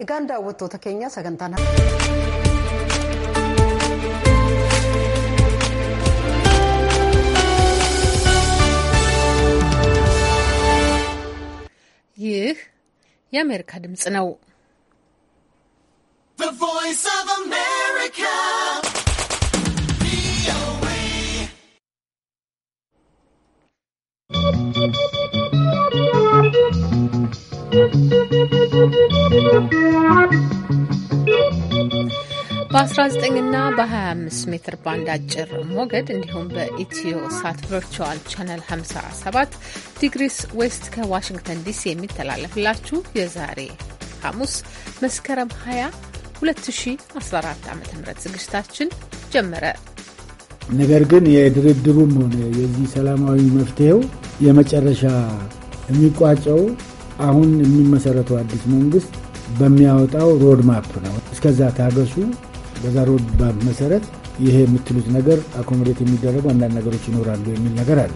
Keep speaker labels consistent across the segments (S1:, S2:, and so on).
S1: uganda daawwattoota keenyaa sagantaan
S2: ይህ የአሜሪካ ድምፅ ነው። The voice of
S3: America.
S2: በ19 ና በ25 ሜትር ባንድ አጭር ሞገድ እንዲሁም በኢትዮ ሳት ቨርቹዋል ቻነል 57 ዲግሪስ ዌስት ከዋሽንግተን ዲሲ የሚተላለፍላችሁ የዛሬ ሐሙስ መስከረም 20 2014 ዓ ም ዝግጅታችን ጀመረ።
S4: ነገር ግን የድርድሩም ሆነ የዚህ ሰላማዊ መፍትሄው የመጨረሻ የሚቋጨው አሁን የሚመሰረተው አዲስ መንግስት በሚያወጣው ሮድ ማፕ ነው። እስከዛ ታገሱ። በዛ ሮድ ማፕ መሰረት ይሄ የምትሉት ነገር አኮሞዴት የሚደረጉ አንዳንድ ነገሮች ይኖራሉ የሚል ነገር አለ።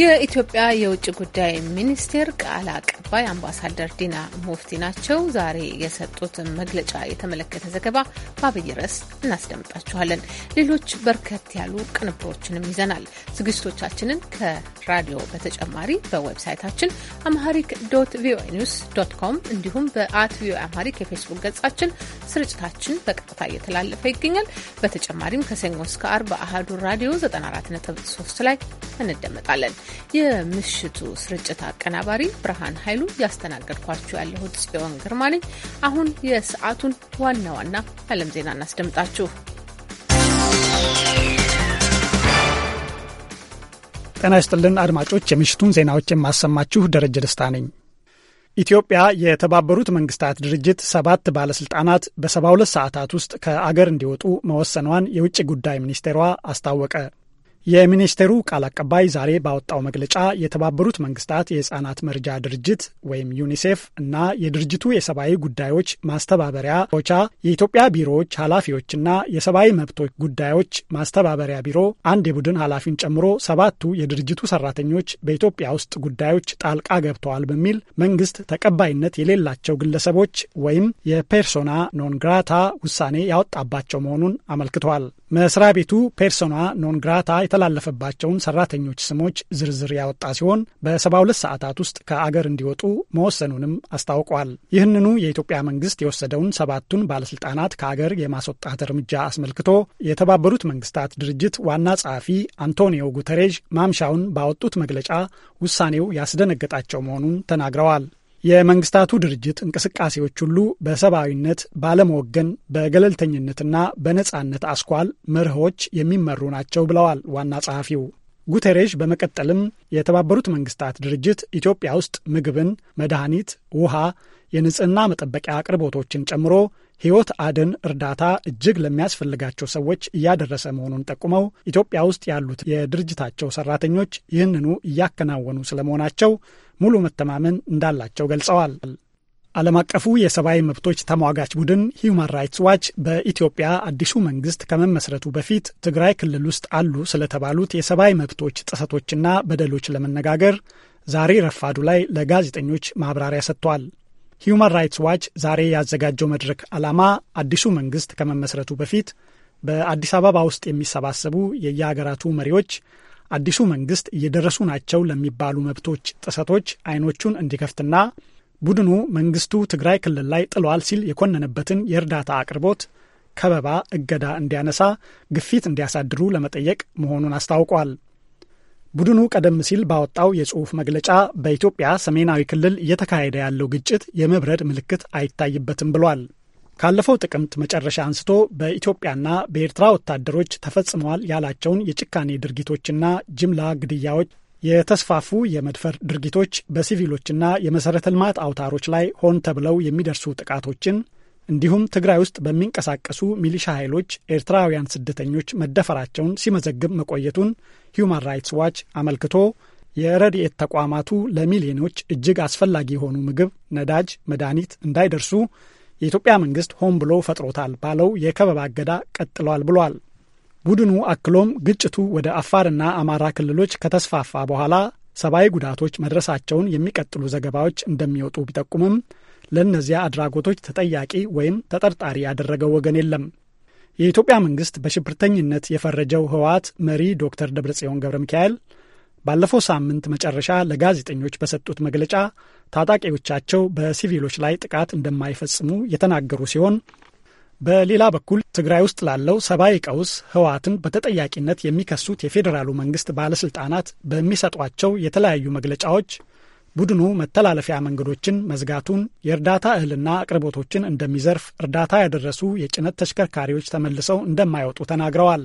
S2: የኢትዮጵያ የውጭ ጉዳይ ሚኒስቴር ቃል አቀባይ አምባሳደር ዲና ሙፍቲ ናቸው። ዛሬ የሰጡትን መግለጫ የተመለከተ ዘገባ በአብይ ርዕስ እናስደምጣችኋለን። ሌሎች በርከት ያሉ ቅንብሮችንም ይዘናል። ዝግጅቶቻችንን ከራዲዮ በተጨማሪ በዌብሳይታችን አምሃሪክ ዶት ቪኦኤ ኒውስ ዶት ኮም እንዲሁም በአት ቪኦኤ አምሃሪክ የፌስቡክ ገጻችን ስርጭታችን በቀጥታ እየተላለፈ ይገኛል። በተጨማሪም ከሰኞ እስከ አርብ አህዱ ራዲዮ 94.3 ላይ እንደመጣለን። የምሽቱ ስርጭት አቀናባሪ ብርሃን ኃይሉ፣ እያስተናገድኳችሁ ያለሁት ጽዮን ግርማ ነኝ። አሁን የሰዓቱን ዋና ዋና ዓለም ዜና እናስደምጣችሁ።
S5: ጤና ይስጥልን አድማጮች፣ የምሽቱን ዜናዎች የማሰማችሁ ደረጀ ደስታ ነኝ። ኢትዮጵያ የተባበሩት መንግስታት ድርጅት ሰባት ባለስልጣናት በ72 ሰዓታት ውስጥ ከአገር እንዲወጡ መወሰኗን የውጭ ጉዳይ ሚኒስቴሯ አስታወቀ። የሚኒስቴሩ ቃል አቀባይ ዛሬ ባወጣው መግለጫ የተባበሩት መንግስታት የህጻናት መርጃ ድርጅት ወይም ዩኒሴፍ እና የድርጅቱ የሰብአዊ ጉዳዮች ማስተባበሪያ ኦቻ የኢትዮጵያ ቢሮዎች ኃላፊዎችና የሰብአዊ መብቶች ጉዳዮች ማስተባበሪያ ቢሮ አንድ የቡድን ኃላፊን ጨምሮ ሰባቱ የድርጅቱ ሰራተኞች በኢትዮጵያ ውስጥ ጉዳዮች ጣልቃ ገብተዋል በሚል መንግስት ተቀባይነት የሌላቸው ግለሰቦች ወይም የፔርሶና ኖንግራታ ውሳኔ ያወጣባቸው መሆኑን አመልክተዋል። መስሪያ ቤቱ ፔርሶና ኖን ግራታ የተላለፈባቸውን ሰራተኞች ስሞች ዝርዝር ያወጣ ሲሆን በ72 ሰዓታት ውስጥ ከአገር እንዲወጡ መወሰኑንም አስታውቋል። ይህንኑ የኢትዮጵያ መንግስት የወሰደውን ሰባቱን ባለስልጣናት ከአገር የማስወጣት እርምጃ አስመልክቶ የተባበሩት መንግስታት ድርጅት ዋና ጸሐፊ አንቶኒዮ ጉተሬዥ ማምሻውን ባወጡት መግለጫ ውሳኔው ያስደነገጣቸው መሆኑን ተናግረዋል። የመንግስታቱ ድርጅት እንቅስቃሴዎች ሁሉ በሰብአዊነት ባለመወገን፣ በገለልተኝነትና በነጻነት አስኳል መርሆች የሚመሩ ናቸው ብለዋል ዋና ጸሐፊው። ጉተሬሽ በመቀጠልም የተባበሩት መንግስታት ድርጅት ኢትዮጵያ ውስጥ ምግብን፣ መድኃኒት፣ ውሃ፣ የንጽህና መጠበቂያ አቅርቦቶችን ጨምሮ ሕይወት አድን እርዳታ እጅግ ለሚያስፈልጋቸው ሰዎች እያደረሰ መሆኑን ጠቁመው ኢትዮጵያ ውስጥ ያሉት የድርጅታቸው ሰራተኞች ይህንኑ እያከናወኑ ስለመሆናቸው ሙሉ መተማመን እንዳላቸው ገልጸዋል። ዓለም አቀፉ የሰብአዊ መብቶች ተሟጋች ቡድን ሂዩማን ራይትስ ዋች በኢትዮጵያ አዲሱ መንግስት ከመመስረቱ በፊት ትግራይ ክልል ውስጥ አሉ ስለተባሉት የሰብአዊ መብቶች ጥሰቶችና በደሎች ለመነጋገር ዛሬ ረፋዱ ላይ ለጋዜጠኞች ማብራሪያ ሰጥቷል። ሂዩማን ራይትስ ዋች ዛሬ ያዘጋጀው መድረክ ዓላማ አዲሱ መንግስት ከመመስረቱ በፊት በአዲስ አበባ ውስጥ የሚሰባሰቡ የየሀገራቱ መሪዎች አዲሱ መንግስት እየደረሱ ናቸው ለሚባሉ መብቶች ጥሰቶች አይኖቹን እንዲከፍትና ቡድኑ መንግስቱ ትግራይ ክልል ላይ ጥሏል ሲል የኮነነበትን የእርዳታ አቅርቦት ከበባ፣ እገዳ እንዲያነሳ ግፊት እንዲያሳድሩ ለመጠየቅ መሆኑን አስታውቋል። ቡድኑ ቀደም ሲል ባወጣው የጽሑፍ መግለጫ በኢትዮጵያ ሰሜናዊ ክልል እየተካሄደ ያለው ግጭት የመብረድ ምልክት አይታይበትም ብሏል። ካለፈው ጥቅምት መጨረሻ አንስቶ በኢትዮጵያና በኤርትራ ወታደሮች ተፈጽመዋል ያላቸውን የጭካኔ ድርጊቶችና ጅምላ ግድያዎች የተስፋፉ የመድፈር ድርጊቶች በሲቪሎችና የመሰረተ ልማት አውታሮች ላይ ሆን ተብለው የሚደርሱ ጥቃቶችን እንዲሁም ትግራይ ውስጥ በሚንቀሳቀሱ ሚሊሻ ኃይሎች ኤርትራውያን ስደተኞች መደፈራቸውን ሲመዘግብ መቆየቱን ሂዩማን ራይትስ ዋች አመልክቶ የረድኤት ተቋማቱ ለሚሊዮኖች እጅግ አስፈላጊ የሆኑ ምግብ፣ ነዳጅ፣ መድኃኒት እንዳይደርሱ የኢትዮጵያ መንግስት ሆን ብሎ ፈጥሮታል ባለው የከበባ እገዳ ቀጥሏል ብሏል። ቡድኑ አክሎም ግጭቱ ወደ አፋርና አማራ ክልሎች ከተስፋፋ በኋላ ሰብአዊ ጉዳቶች መድረሳቸውን የሚቀጥሉ ዘገባዎች እንደሚወጡ ቢጠቁምም ለእነዚያ አድራጎቶች ተጠያቂ ወይም ተጠርጣሪ ያደረገው ወገን የለም። የኢትዮጵያ መንግስት በሽብርተኝነት የፈረጀው ህወሓት መሪ ዶክተር ደብረጽዮን ገብረ ሚካኤል ባለፈው ሳምንት መጨረሻ ለጋዜጠኞች በሰጡት መግለጫ ታጣቂዎቻቸው በሲቪሎች ላይ ጥቃት እንደማይፈጽሙ የተናገሩ ሲሆን በሌላ በኩል ትግራይ ውስጥ ላለው ሰብአዊ ቀውስ ህወሓትን በተጠያቂነት የሚከሱት የፌዴራሉ መንግስት ባለስልጣናት በሚሰጧቸው የተለያዩ መግለጫዎች ቡድኑ መተላለፊያ መንገዶችን መዝጋቱን፣ የእርዳታ እህልና አቅርቦቶችን እንደሚዘርፍ፣ እርዳታ ያደረሱ የጭነት ተሽከርካሪዎች ተመልሰው እንደማይወጡ ተናግረዋል።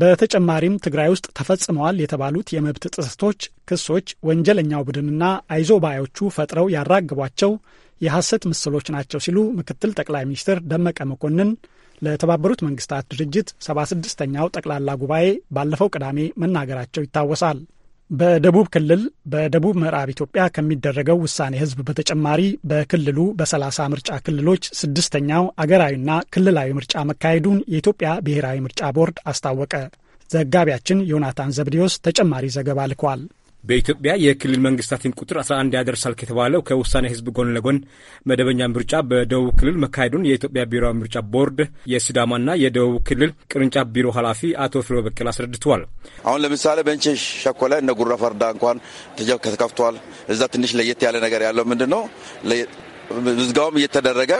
S5: በተጨማሪም ትግራይ ውስጥ ተፈጽመዋል የተባሉት የመብት ጥሰቶች ክሶች ወንጀለኛው ቡድንና አይዞ ባዮቹ ፈጥረው ያራግቧቸው የሐሰት ምስሎች ናቸው ሲሉ ምክትል ጠቅላይ ሚኒስትር ደመቀ መኮንን ለተባበሩት መንግስታት ድርጅት 76ኛው ጠቅላላ ጉባኤ ባለፈው ቅዳሜ መናገራቸው ይታወሳል። በደቡብ ክልል በደቡብ ምዕራብ ኢትዮጵያ ከሚደረገው ውሳኔ ህዝብ በተጨማሪ በክልሉ በሰላሳ ምርጫ ክልሎች ስድስተኛው አገራዊና ክልላዊ ምርጫ መካሄዱን የኢትዮጵያ ብሔራዊ ምርጫ ቦርድ አስታወቀ። ዘጋቢያችን ዮናታን ዘብዲዮስ ተጨማሪ ዘገባ ልኳል።
S6: በኢትዮጵያ የክልል መንግስታትን ቁጥር 11 ያደርሳል ከተባለው ከውሳኔ ህዝብ ጎን ለጎን መደበኛ ምርጫ በደቡብ ክልል መካሄዱን የኢትዮጵያ ብሔራዊ ምርጫ ቦርድ የሲዳማና የደቡብ ክልል ቅርንጫፍ ቢሮ ኃላፊ አቶ ፍሎ በቀል አስረድተዋል። አሁን
S7: ለምሳሌ በንቺ ሸኮ ላይ እነ ጉራ ፈርዳ እንኳን ተከፍቷል። እዛ ትንሽ ለየት ያለ ነገር ያለው ምንድን ነው ምዝጋውም እየተደረገ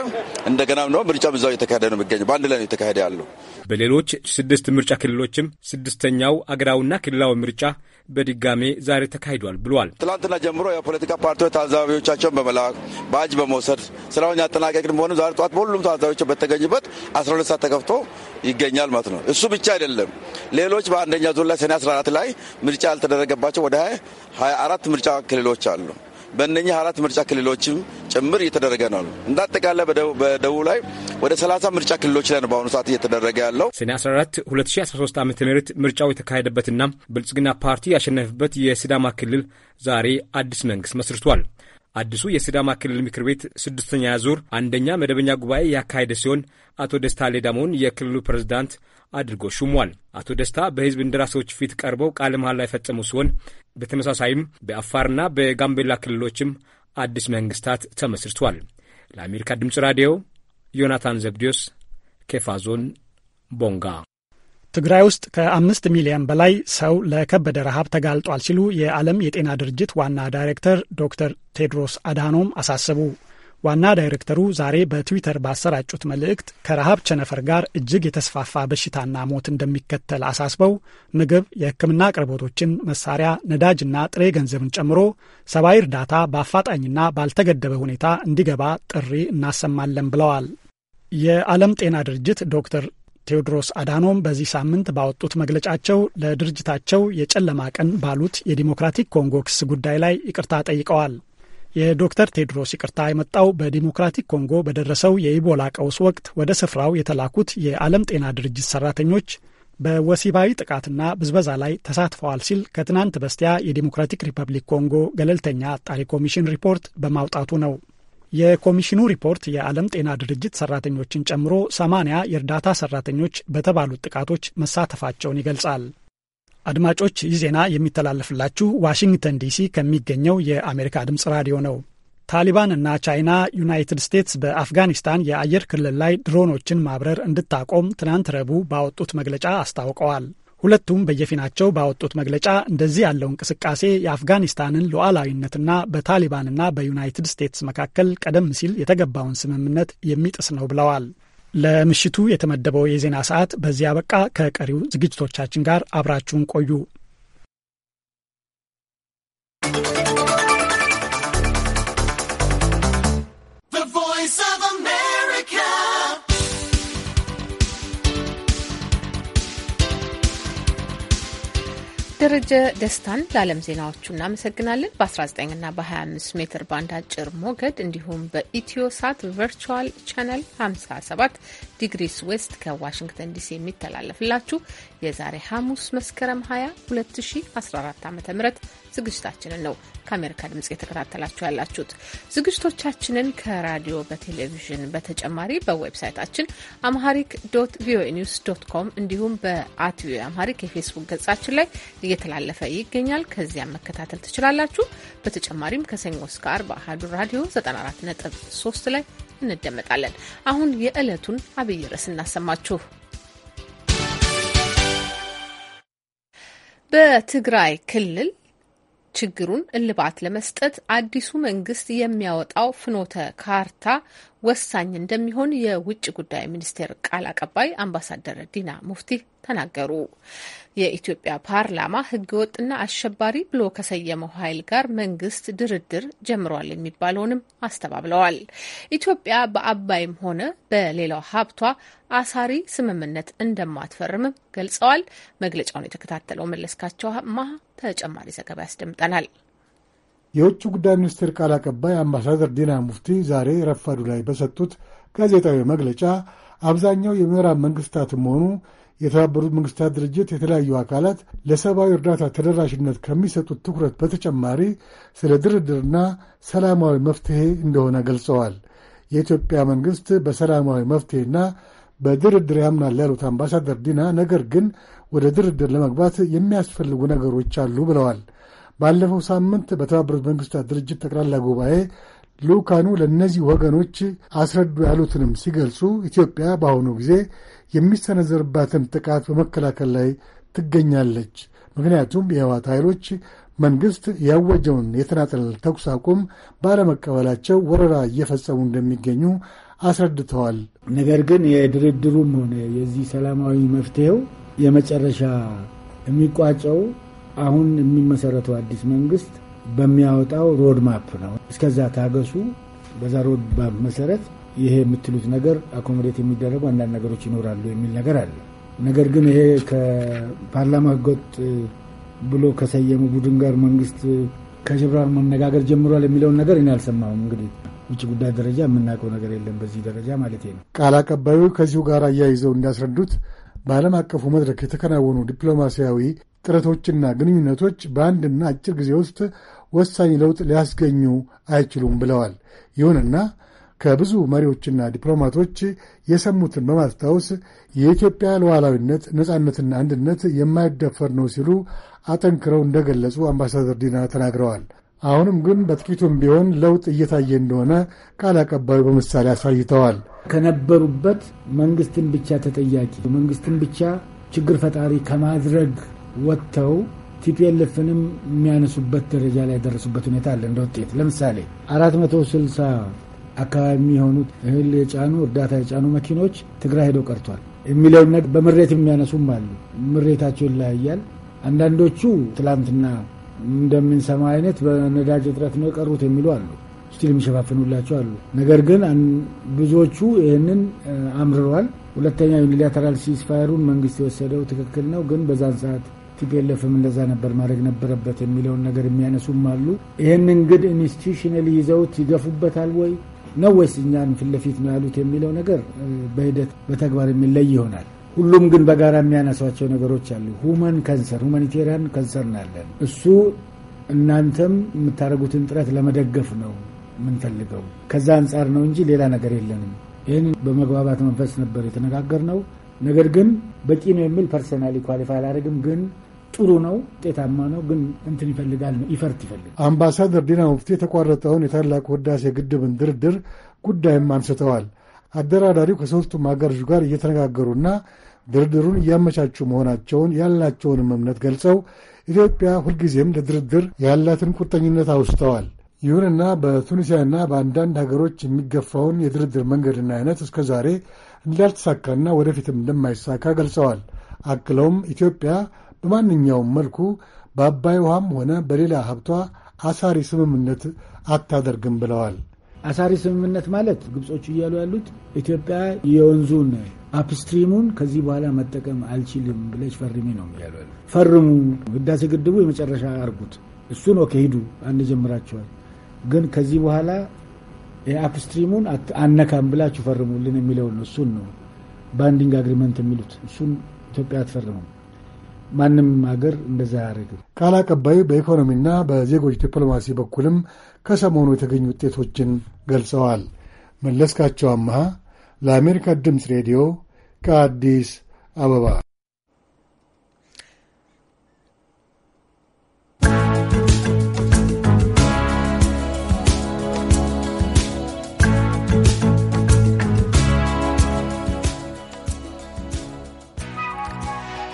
S7: እንደገናም ደግሞ ምርጫም እዛው እየተካሄደ ነው
S6: የሚገኘው። በአንድ ላይ ነው የተካሄደ ያለው። በሌሎች ስድስት ምርጫ ክልሎችም ስድስተኛው አገራዊና ክልላዊ ምርጫ በድጋሜ ዛሬ ተካሂዷል ብሏል። ትላንትና ጀምሮ
S7: የፖለቲካ ፓርቲዎች ታዛቢዎቻቸውን በመላክ በአጅ በመውሰድ ስራውን ያጠናቀቅን መሆኑ ዛሬ ጠዋት በሁሉም ታዛቢዎች በተገኙበት 12 ሰዓት ተከፍቶ ይገኛል ማለት ነው። እሱ ብቻ አይደለም። ሌሎች በአንደኛ ዙር ላይ ሰኔ 14 ላይ ምርጫ ያልተደረገባቸው ወደ 24 ምርጫ ክልሎች አሉ። በእነኛ አራት ምርጫ ክልሎችም ጭምር እየተደረገ ነው። እንደ አጠቃላይ በደቡብ ላይ ወደ 30 ምርጫ ክልሎች ላይ ነው በአሁኑ ሰዓት እየተደረገ ያለው።
S6: ሰኔ 14 2013 ዓ ም ምርጫው የተካሄደበትና ብልጽግና ፓርቲ ያሸነፈበት የሲዳማ ክልል ዛሬ አዲስ መንግስት መስርቷል። አዲሱ የሲዳማ ክልል ምክር ቤት ስድስተኛ ዙር አንደኛ መደበኛ ጉባኤ ያካሄደ ሲሆን አቶ ደስታ ሌዳሞን የክልሉ ፕሬዝዳንት አድርጎ ሹሟል። አቶ ደስታ በህዝብ እንደራሴዎች ፊት ቀርበው ቃለ መሐላ የፈጸሙ ሲሆን በተመሳሳይም በአፋርና በጋምቤላ ክልሎችም አዲስ መንግስታት ተመስርቷል። ለአሜሪካ ድምፅ ራዲዮ ዮናታን ዘብዲዮስ ኬፋ ዞን ቦንጋ።
S5: ትግራይ ውስጥ ከአምስት ሚሊዮን በላይ ሰው ለከበደ ረሃብ ተጋልጧል ሲሉ የዓለም የጤና ድርጅት ዋና ዳይሬክተር ዶክተር ቴድሮስ አድሃኖም አሳሰቡ። ዋና ዳይሬክተሩ ዛሬ በትዊተር ባሰራጩት መልእክት ከረሃብ ቸነፈር ጋር እጅግ የተስፋፋ በሽታና ሞት እንደሚከተል አሳስበው ምግብ፣ የሕክምና አቅርቦቶችን፣ መሳሪያ፣ ነዳጅና ጥሬ ገንዘብን ጨምሮ ሰብአዊ እርዳታ በአፋጣኝና ባልተገደበ ሁኔታ እንዲገባ ጥሪ እናሰማለን ብለዋል። የዓለም ጤና ድርጅት ዶክተር ቴዎድሮስ አዳኖም በዚህ ሳምንት ባወጡት መግለጫቸው ለድርጅታቸው የጨለማ ቀን ባሉት የዲሞክራቲክ ኮንጎ ክስ ጉዳይ ላይ ይቅርታ ጠይቀዋል። የዶክተር ቴድሮስ ይቅርታ የመጣው በዲሞክራቲክ ኮንጎ በደረሰው የኢቦላ ቀውስ ወቅት ወደ ስፍራው የተላኩት የዓለም ጤና ድርጅት ሰራተኞች በወሲባዊ ጥቃትና ብዝበዛ ላይ ተሳትፈዋል ሲል ከትናንት በስቲያ የዲሞክራቲክ ሪፐብሊክ ኮንጎ ገለልተኛ አጣሪ ኮሚሽን ሪፖርት በማውጣቱ ነው። የኮሚሽኑ ሪፖርት የዓለም ጤና ድርጅት ሰራተኞችን ጨምሮ ሰማንያ የእርዳታ ሰራተኞች በተባሉት ጥቃቶች መሳተፋቸውን ይገልጻል። አድማጮች ይህ ዜና የሚተላለፍላችሁ ዋሽንግተን ዲሲ ከሚገኘው የአሜሪካ ድምፅ ራዲዮ ነው። ታሊባን እና ቻይና ዩናይትድ ስቴትስ በአፍጋኒስታን የአየር ክልል ላይ ድሮኖችን ማብረር እንድታቆም ትናንት ረቡዕ ባወጡት መግለጫ አስታውቀዋል። ሁለቱም በየፊናቸው ባወጡት መግለጫ እንደዚህ ያለው እንቅስቃሴ የአፍጋኒስታንን ሉዓላዊነትና በታሊባንና በዩናይትድ ስቴትስ መካከል ቀደም ሲል የተገባውን ስምምነት የሚጥስ ነው ብለዋል። ለምሽቱ የተመደበው የዜና ሰዓት በዚያ በቃ። ከቀሪው ዝግጅቶቻችን ጋር አብራችሁን ቆዩ።
S2: ደረጀ ደስታን ለዓለም ዜናዎቹ እናመሰግናለን። በ19ና በ25 ሜትር ባንድ አጭር ሞገድ እንዲሁም በኢትዮ ሳት ቨርቹዋል ቻነል 57 ዲግሪስ ዌስት ከዋሽንግተን ዲሲ የሚተላለፍላችሁ የዛሬ ሐሙስ መስከረም 20 2014 ዓ ም ዝግጅታችንን ነው ከአሜሪካ ድምጽ የተከታተላችሁ ያላችሁት። ዝግጅቶቻችንን ከራዲዮ በቴሌቪዥን በተጨማሪ በዌብሳይታችን አምሃሪክ ዶት ቪኦኤ ኒውስ ዶት ኮም እንዲሁም በአት ቪኦኤ አምሃሪክ የፌስቡክ ገጻችን ላይ እየተላለፈ ይገኛል። ከዚያም መከታተል ትችላላችሁ። በተጨማሪም ከሰኞ እስከ ዓርብ በአህዱ ራዲዮ 94.3 ላይ እንደመጣለን። አሁን የዕለቱን አብይ ርዕስ እናሰማችሁ። በትግራይ ክልል ችግሩን እልባት ለመስጠት አዲሱ መንግስት የሚያወጣው ፍኖተ ካርታ ወሳኝ እንደሚሆን የውጭ ጉዳይ ሚኒስቴር ቃል አቀባይ አምባሳደር ዲና ሙፍቲ ተናገሩ። የኢትዮጵያ ፓርላማ ህገወጥና አሸባሪ ብሎ ከሰየመው ኃይል ጋር መንግስት ድርድር ጀምሯል የሚባለውንም አስተባብለዋል። ኢትዮጵያ በአባይም ሆነ በሌላው ሀብቷ አሳሪ ስምምነት እንደማትፈርምም ገልጸዋል። መግለጫውን የተከታተለው መለስካቸው ማ ተጨማሪ ዘገባ ያስደምጠናል።
S8: የውጭ ጉዳይ ሚኒስቴር ቃል አቀባይ አምባሳደር ዲና ሙፍቲ ዛሬ ረፋዱ ላይ በሰጡት ጋዜጣዊ መግለጫ አብዛኛው የምዕራብ መንግስታትም ሆኑ የተባበሩት መንግስታት ድርጅት የተለያዩ አካላት ለሰብአዊ እርዳታ ተደራሽነት ከሚሰጡት ትኩረት በተጨማሪ ስለ ድርድርና ሰላማዊ መፍትሄ እንደሆነ ገልጸዋል። የኢትዮጵያ መንግስት በሰላማዊ መፍትሄና በድርድር ያምናል ያሉት አምባሳደር ዲና፣ ነገር ግን ወደ ድርድር ለመግባት የሚያስፈልጉ ነገሮች አሉ ብለዋል። ባለፈው ሳምንት በተባበሩት መንግስታት ድርጅት ጠቅላላ ጉባኤ ልዑካኑ ለእነዚህ ወገኖች አስረዱ ያሉትንም ሲገልጹ ኢትዮጵያ በአሁኑ ጊዜ የሚሰነዘርባትን ጥቃት በመከላከል ላይ ትገኛለች። ምክንያቱም የህዋት ኃይሎች መንግሥት ያወጀውን የተናጠል ተኩስ አቁም ባለመቀበላቸው ወረራ እየፈጸሙ እንደሚገኙ አስረድተዋል። ነገር ግን የድርድሩም
S4: ሆነ የዚህ ሰላማዊ መፍትሄው የመጨረሻ የሚቋጨው አሁን የሚመሰረተው አዲስ መንግስት በሚያወጣው ሮድማፕ ነው። እስከዛ ታገሱ። በዛ ሮድማፕ መሰረት ይሄ የምትሉት ነገር አኮሞዴት የሚደረጉ አንዳንድ ነገሮች ይኖራሉ የሚል ነገር አለ። ነገር ግን ይሄ ከፓርላማ ህገወጥ ብሎ ከሰየሙ ቡድን ጋር መንግስት ከጀብራ መነጋገር ጀምሯል የሚለውን ነገር እኔ አልሰማሁም። እንግዲህ ውጭ ጉዳይ ደረጃ የምናውቀው ነገር የለም በዚህ ደረጃ ማለት ነው።
S8: ቃል አቀባዩ ከዚሁ ጋር አያይዘው እንዳስረዱት በዓለም አቀፉ መድረክ የተከናወኑ ዲፕሎማሲያዊ ጥረቶችና ግንኙነቶች በአንድና አጭር ጊዜ ውስጥ ወሳኝ ለውጥ ሊያስገኙ አይችሉም ብለዋል። ይሁንና ከብዙ መሪዎችና ዲፕሎማቶች የሰሙትን በማስታወስ የኢትዮጵያ ሉዓላዊነት ነጻነትና አንድነት የማይደፈር ነው ሲሉ አጠንክረው እንደገለጹ አምባሳደር ዲና ተናግረዋል። አሁንም ግን በጥቂቱም ቢሆን ለውጥ እየታየ እንደሆነ ቃል አቀባዩ በምሳሌ አሳይተዋል። ከነበሩበት መንግስትን
S4: ብቻ ተጠያቂ መንግስትን ብቻ ችግር ፈጣሪ ከማድረግ ወጥተው ቲፒኤልኤፍንም የሚያነሱበት ደረጃ ላይ ያደረሱበት ሁኔታ አለ። እንደ ውጤት ለምሳሌ አራት መቶ ስልሳ አካባቢ የሚሆኑት እህል የጫኑ እርዳታ የጫኑ መኪኖች ትግራይ ሄደው ቀርቷል የሚለውን ነገር በምሬት የሚያነሱም አሉ። ምሬታቸው ይለያያል። አንዳንዶቹ ትላንትና እንደምንሰማ አይነት በነዳጅ እጥረት ነው የቀሩት የሚሉ አሉ። ስቲል የሚሸፋፍኑላቸው አሉ። ነገር ግን ብዙዎቹ ይህንን አምርሯል። ሁለተኛ ዩኒላተራል ሲስፋየሩን መንግስት የወሰደው ትክክል ነው፣ ግን በዛን ሰዓት ቲፒኤልኤፍም እንደዛ ነበር ማድረግ ነበረበት የሚለውን ነገር የሚያነሱም አሉ። ይህንን ግን ኢንስቲቱሽናል ይዘውት ይገፉበታል ወይ ነው ወይስ እኛን ፊት ለፊት ነው ያሉት የሚለው ነገር በሂደት በተግባር የሚለይ ይሆናል። ሁሉም ግን በጋራ የሚያነሷቸው ነገሮች አሉ። ሁመን ከንሰር ሁማኒቴሪያን ከንሰር ናለን። እሱ እናንተም የምታደርጉትን ጥረት ለመደገፍ ነው የምንፈልገው። ከዛ አንጻር ነው እንጂ ሌላ ነገር የለንም። ይህን በመግባባት መንፈስ ነበር የተነጋገር ነው። ነገር ግን በቂ ነው የሚል ፐርሰናሊ ኳሊፋይ አላደርግም። ግን ጥሩ ነው፣ ውጤታማ ነው፣ ግን እንትን ይፈልጋል ነው ይፈርት ይፈልጋል።
S8: አምባሳደር ዲና ሙፍቲ የተቋረጠውን የታላቁ ህዳሴ ግድብን ድርድር ጉዳይም አንስተዋል። አደራዳሪው ከሦስቱም አጋሮች ጋር እየተነጋገሩና ድርድሩን እያመቻቹ መሆናቸውን ያላቸውንም እምነት ገልጸው ኢትዮጵያ ሁልጊዜም ለድርድር ያላትን ቁርጠኝነት አውስተዋል። ይሁንና በቱኒሲያና በአንዳንድ ሀገሮች የሚገፋውን የድርድር መንገድና አይነት እስከ ዛሬ እንዳልተሳካና ወደፊትም እንደማይሳካ ገልጸዋል። አክለውም ኢትዮጵያ በማንኛውም መልኩ በአባይ ውሃም ሆነ በሌላ ሀብቷ አሳሪ ስምምነት አታደርግም ብለዋል።
S4: አሳሪ ስምምነት ማለት ግብጾቹ እያሉ ያሉት ኢትዮጵያ የወንዙን አፕስትሪሙን ከዚህ በኋላ መጠቀም አልችልም ብለች ፈርሚ ነው ያሉ። ፈርሙ፣ ህዳሴ ግድቡ የመጨረሻ አርጉት፣ እሱን ኦኬ ሂዱ፣ አንጀምራቸዋል፣ ግን ከዚህ በኋላ የአፕስትሪሙን አነካም ብላችሁ ፈርሙልን የሚለውን እሱን ነው
S8: ባንዲንግ አግሪመንት የሚሉት። እሱን ኢትዮጵያ አትፈርምም። ማንም ሀገር እንደዛ ያደርግም። ቃል አቀባይ በኢኮኖሚና በዜጎች ዲፕሎማሲ በኩልም ከሰሞኑ የተገኙ ውጤቶችን ገልጸዋል። መለስካቸው አመሃ ለአሜሪካ ድምፅ ሬዲዮ ከአዲስ አበባ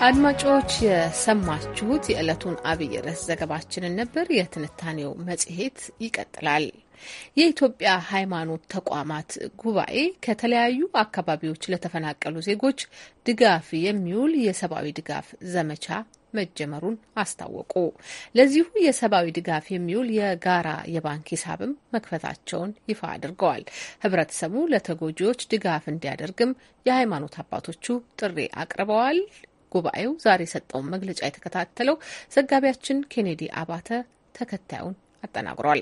S2: አድማጮች የሰማችሁት የዕለቱን አብይ ርዕስ ዘገባችንን ነበር። የትንታኔው መጽሔት ይቀጥላል። የኢትዮጵያ ሃይማኖት ተቋማት ጉባኤ ከተለያዩ አካባቢዎች ለተፈናቀሉ ዜጎች ድጋፍ የሚውል የሰብአዊ ድጋፍ ዘመቻ መጀመሩን አስታወቁ። ለዚሁ የሰብአዊ ድጋፍ የሚውል የጋራ የባንክ ሂሳብም መክፈታቸውን ይፋ አድርገዋል። ህብረተሰቡ ለተጎጂዎች ድጋፍ እንዲያደርግም የሃይማኖት አባቶቹ ጥሪ አቅርበዋል። ጉባኤው ዛሬ የሰጠውን መግለጫ የተከታተለው ዘጋቢያችን ኬኔዲ አባተ ተከታዩን አጠናቅሯል።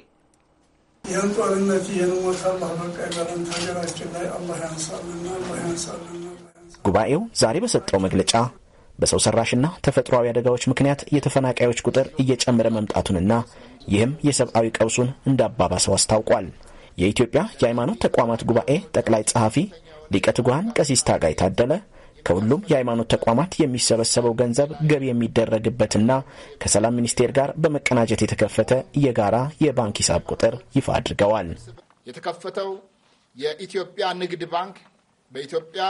S2: ይህን ጦርነት
S8: የንሞት አላህ በቃ ይበለን፣ ሀገራችን ላይ አላህ ያንሳልና አላህ ያንሳልና።
S3: ጉባኤው ዛሬ በሰጠው መግለጫ በሰው ሰራሽና ተፈጥሯዊ አደጋዎች ምክንያት የተፈናቃዮች ቁጥር እየጨመረ መምጣቱንና ይህም የሰብአዊ ቀውሱን እንዳባባሰው አስታውቋል። የኢትዮጵያ የሃይማኖት ተቋማት ጉባኤ ጠቅላይ ጸሐፊ ሊቀ ትጉሃን ቀሲስ ታጋይ ታደለ ከሁሉም የሃይማኖት ተቋማት የሚሰበሰበው ገንዘብ ገቢ የሚደረግበትና ከሰላም ሚኒስቴር ጋር በመቀናጀት የተከፈተ የጋራ የባንክ ሂሳብ ቁጥር ይፋ አድርገዋል።
S9: የተከፈተው የኢትዮጵያ ንግድ ባንክ በኢትዮጵያ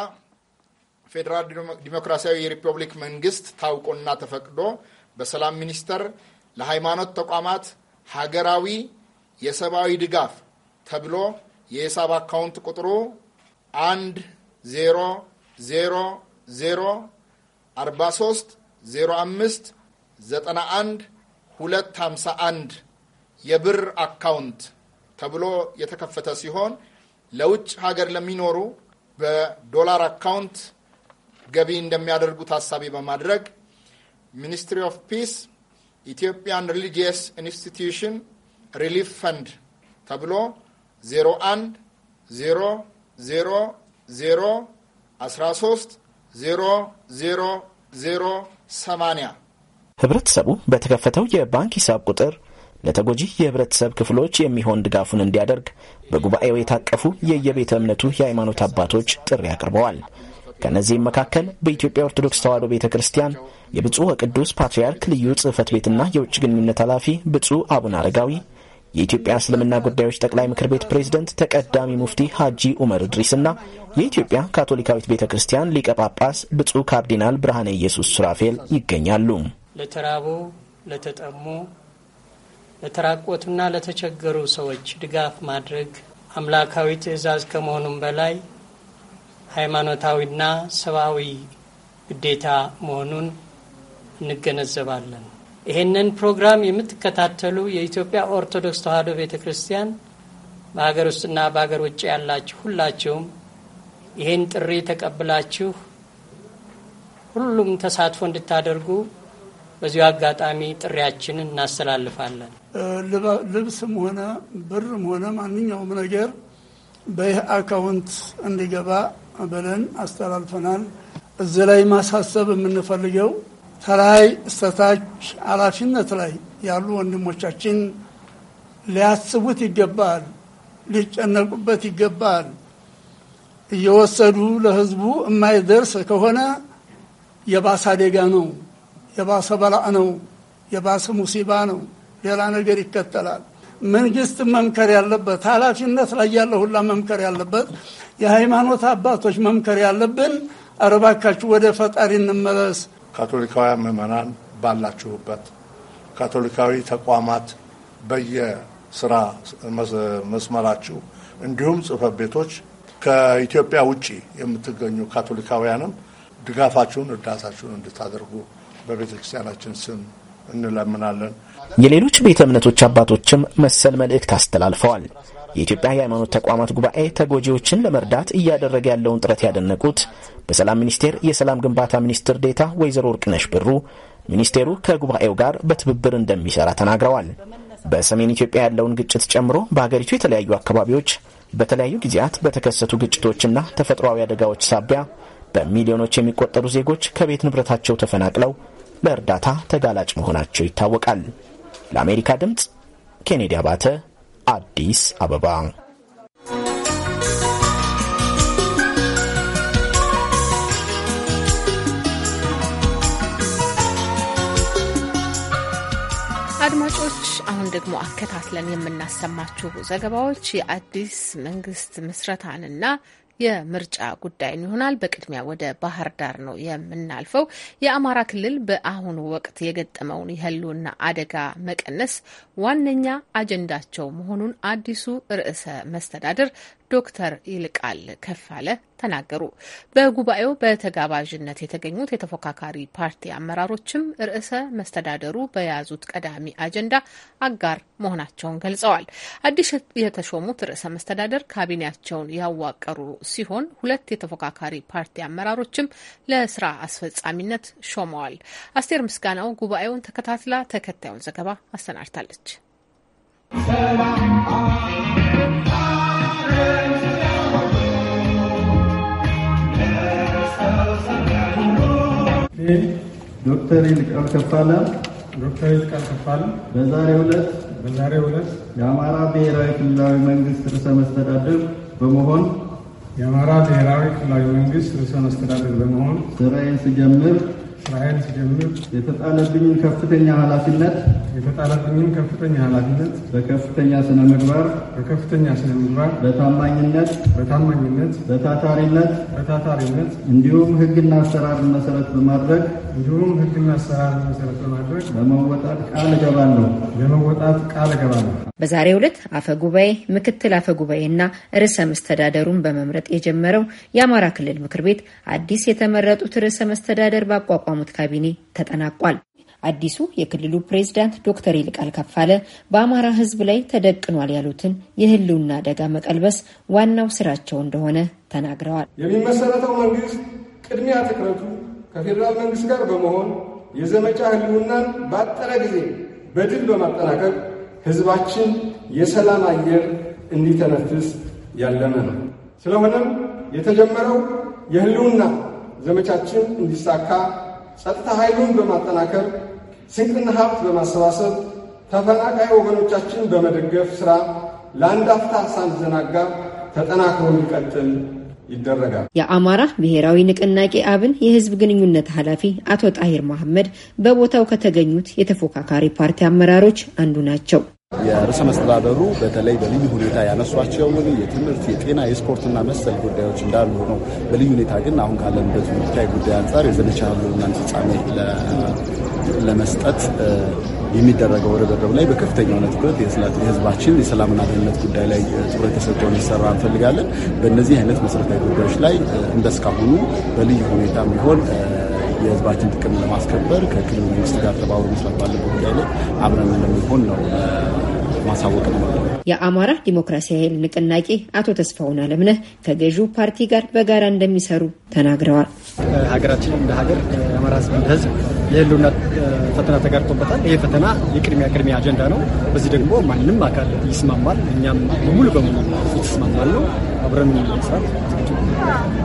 S9: ፌዴራል ዲሞክራሲያዊ ሪፐብሊክ መንግስት ታውቆና ተፈቅዶ በሰላም ሚኒስቴር ለሃይማኖት ተቋማት ሀገራዊ የሰብአዊ ድጋፍ ተብሎ የሂሳብ አካውንት ቁጥሩ አንድ ዜሮ 0 0 43 05 91 251 የብር አካውንት ተብሎ የተከፈተ ሲሆን ለውጭ ሀገር ለሚኖሩ በዶላር አካውንት ገቢ እንደሚያደርጉ ታሳቢ በማድረግ ሚኒስትሪ ኦፍ ፒስ ኢትዮጵያን ሪሊጂየስ ኢንስቲትዩሽን ሪሊፍ ፈንድ ተብሎ 01 0 0 0 13
S3: ህብረተሰቡ በተከፈተው የባንክ ሂሳብ ቁጥር ለተጎጂ የህብረተሰብ ክፍሎች የሚሆን ድጋፉን እንዲያደርግ በጉባኤው የታቀፉ የየቤተ እምነቱ የሃይማኖት አባቶች ጥሪ አቅርበዋል። ከእነዚህም መካከል በኢትዮጵያ ኦርቶዶክስ ተዋሕዶ ቤተ ክርስቲያን የብፁዕ ወቅዱስ ፓትርያርክ ልዩ ጽህፈት ቤትና የውጭ ግንኙነት ኃላፊ ብፁዕ አቡነ አረጋዊ የኢትዮጵያ እስልምና ጉዳዮች ጠቅላይ ምክር ቤት ፕሬዝደንት ተቀዳሚ ሙፍቲ ሀጂ ኡመር እና የኢትዮጵያ ካቶሊካዊት ቤተ ክርስቲያን ሊቀ ጳጳስ ብፁዕ ካርዲናል ብርሃነ ኢየሱስ ሱራፌል ይገኛሉ።
S1: ለተራቡ፣ ለተጠሙ፣ ለተራቆቱና ለተቸገሩ ሰዎች ድጋፍ ማድረግ አምላካዊ ትዕዛዝ ከመሆኑም በላይ ሃይማኖታዊና ሰብአዊ ግዴታ መሆኑን እንገነዘባለን። ይህንን ፕሮግራም የምትከታተሉ የኢትዮጵያ ኦርቶዶክስ ተዋሕዶ ቤተ ክርስቲያን በሀገር ውስጥና በሀገር ውጭ ያላችሁ ሁላችሁም ይህን ጥሪ ተቀብላችሁ ሁሉም ተሳትፎ እንድታደርጉ በዚሁ አጋጣሚ ጥሪያችንን እናስተላልፋለን።
S4: ልብስም ሆነ ብርም ሆነ ማንኛውም ነገር በይህ አካውንት እንዲገባ ብለን አስተላልፈናል። እዚህ ላይ ማሳሰብ የምንፈልገው ከላይ እስተታች ኃላፊነት ላይ ያሉ ወንድሞቻችን ሊያስቡት ይገባል፣ ሊጨነቁበት ይገባል። እየወሰዱ ለህዝቡ የማይደርስ ከሆነ የባሰ አደጋ ነው፣ የባሰ በላእ ነው፣ የባሰ ሙሲባ ነው። ሌላ ነገር ይከተላል። መንግስት መምከር ያለበት ኃላፊነት ላይ ያለ ሁላ መምከር ያለበት የሃይማኖት አባቶች መምከር ያለብን፣
S8: አረባካችሁ ወደ ፈጣሪ እንመለስ ካቶሊካውያን ምዕመናን ባላችሁበት ካቶሊካዊ ተቋማት በየስራ መስመራችሁ እንዲሁም ጽህፈት ቤቶች ከኢትዮጵያ ውጭ የምትገኙ ካቶሊካውያንም ድጋፋችሁን፣ እርዳታችሁን እንድታደርጉ በቤተ ክርስቲያናችን ስም እንለምናለን።
S3: የሌሎች ቤተ እምነቶች አባቶችም መሰል መልእክት አስተላልፈዋል። የኢትዮጵያ የሃይማኖት ተቋማት ጉባኤ ተጎጂዎችን ለመርዳት እያደረገ ያለውን ጥረት ያደነቁት በሰላም ሚኒስቴር የሰላም ግንባታ ሚኒስትር ዴታ ወይዘሮ ወርቅነሽ ብሩ ሚኒስቴሩ ከጉባኤው ጋር በትብብር እንደሚሰራ ተናግረዋል። በሰሜን ኢትዮጵያ ያለውን ግጭት ጨምሮ በሀገሪቱ የተለያዩ አካባቢዎች በተለያዩ ጊዜያት በተከሰቱ ግጭቶችና ተፈጥሯዊ አደጋዎች ሳቢያ በሚሊዮኖች የሚቆጠሩ ዜጎች ከቤት ንብረታቸው ተፈናቅለው ለእርዳታ ተጋላጭ መሆናቸው ይታወቃል። ለአሜሪካ ድምፅ ኬኔዲ አባተ አዲስ አበባ።
S2: አድማጮች አሁን ደግሞ አከታትለን የምናሰማችሁ ዘገባዎች የአዲስ መንግስት ምስረታንና የምርጫ ጉዳይን ይሆናል። በቅድሚያ ወደ ባህር ዳር ነው የምናልፈው። የአማራ ክልል በአሁኑ ወቅት የገጠመውን የህልውና አደጋ መቀነስ ዋነኛ አጀንዳቸው መሆኑን አዲሱ ርዕሰ መስተዳድር ዶክተር ይልቃል ከፋለ ተናገሩ። በጉባኤው በተጋባዥነት የተገኙት የተፎካካሪ ፓርቲ አመራሮችም ርዕሰ መስተዳደሩ በያዙት ቀዳሚ አጀንዳ አጋር መሆናቸውን ገልጸዋል። አዲስ የተሾሙት ርዕሰ መስተዳደር ካቢኔያቸውን ያዋቀሩ ሲሆን ሁለት የተፎካካሪ ፓርቲ አመራሮችም ለስራ አስፈጻሚነት ሾመዋል። አስቴር ምስጋናው ጉባኤውን ተከታትላ ተከታዩን ዘገባ አሰናድታለች።
S8: ዶክተር ይልቃል ከፋለ ዶክተር ይልቃል ከፋለ በዛሬው ዕለት በዛሬው ዕለት የአማራ ብሔራዊ ክልላዊ መንግስት ርዕሰ መስተዳድር በመሆን የአማራ ብሔራዊ ክልላዊ መንግስት ርዕሰ መስተዳድር በመሆን ስራዬን ስጀምር በኃይል ሲደምር የተጣለብኝን ከፍተኛ ኃላፊነት የተጣለብኝን ከፍተኛ ኃላፊነት በከፍተኛ ስነ ምግባር በከፍተኛ ስነ ምግባር በታማኝነት በታማኝነት በታታሪነት በታታሪነት እንዲሁም ሕግና አሰራርን መሰረት በማድረግ እንዲሁም ሕግና አሰራርን መሰረት በማድረግ ለመወጣት ቃል እገባለሁ ለመወጣት ቃል
S10: እገባለሁ። በዛሬው ዕለት አፈ ጉባኤ፣ ምክትል አፈ ጉባኤና ርዕሰ መስተዳደሩን በመምረጥ የጀመረው የአማራ ክልል ምክር ቤት አዲስ የተመረጡት ርዕሰ መስተዳደር ባቋቋሙት ካቢኔ ተጠናቋል። አዲሱ የክልሉ ፕሬዝዳንት ዶክተር ይልቃል ከፋለ በአማራ ሕዝብ ላይ ተደቅኗል ያሉትን የህልውና አደጋ መቀልበስ ዋናው ስራቸው እንደሆነ ተናግረዋል። የሚመሰረተው
S8: መንግስት ቅድሚያ ትኩረቱ ከፌዴራል መንግስት ጋር በመሆን የዘመቻ ህልውናን ባጠረ ጊዜ በድል በማጠናከር ህዝባችን የሰላም አየር እንዲተነፍስ ያለመ ነው። ስለሆነም የተጀመረው የህልውና ዘመቻችን እንዲሳካ ጸጥታ ኃይሉን በማጠናከር ስንቅና ሀብት በማሰባሰብ ተፈናቃይ ወገኖቻችን በመደገፍ ሥራ ለአንድ አፍታ ሳንዘናጋ ተጠናክሮ እንዲቀጥል ይደረጋል።
S10: የአማራ ብሔራዊ ንቅናቄ አብን የህዝብ ግንኙነት ኃላፊ አቶ ጣሂር መሐመድ በቦታው ከተገኙት የተፎካካሪ ፓርቲ አመራሮች አንዱ ናቸው።
S11: የርዕሰ መስተዳደሩ በተለይ በልዩ ሁኔታ ያነሷቸውን የትምህርት፣ የጤና፣ የስፖርትና መሰል ጉዳዮች እንዳሉ ሆነው በልዩ ሁኔታ ግን አሁን ካለንበት ወቅታዊ ጉዳይ አንጻር የዘመቻ ህልውናን ፍጻሜ ለመስጠት የሚደረገው ርብርብ ላይ በከፍተኛ ትኩረት የህዝባችን የሰላምና ደህንነት ጉዳይ ላይ ትኩረት ተሰጥቶ እንዲሰራ እንፈልጋለን። በእነዚህ አይነት መሰረታዊ ጉዳዮች ላይ እንደስካሁኑ በልዩ
S9: ሁኔታ ቢሆን የህዝባችን ጥቅም ለማስከበር ከክልሉ መንግስት ጋር ተባብሮ መስራት ባለበት ጉዳይ
S3: ላይ አብረን እንደሚሆን ነው ማሳወቅ ነው።
S10: የአማራ ዲሞክራሲ ኃይል ንቅናቄ አቶ ተስፋውን አለምነ ከገዢው ፓርቲ ጋር በጋራ እንደሚሰሩ ተናግረዋል።
S12: ሀገራችን እንደ ሀገር፣ የአማራ ህዝብ እንደ ህዝብ የህልውና ፈተና ተጋርጦበታል። ይህ ፈተና
S7: የቅድሚያ ቅድሚያ አጀንዳ ነው። በዚህ ደግሞ ማንም አካል ይስማማል። እኛም በሙሉ በሙሉ ይስማማሉ። አብረን መስራት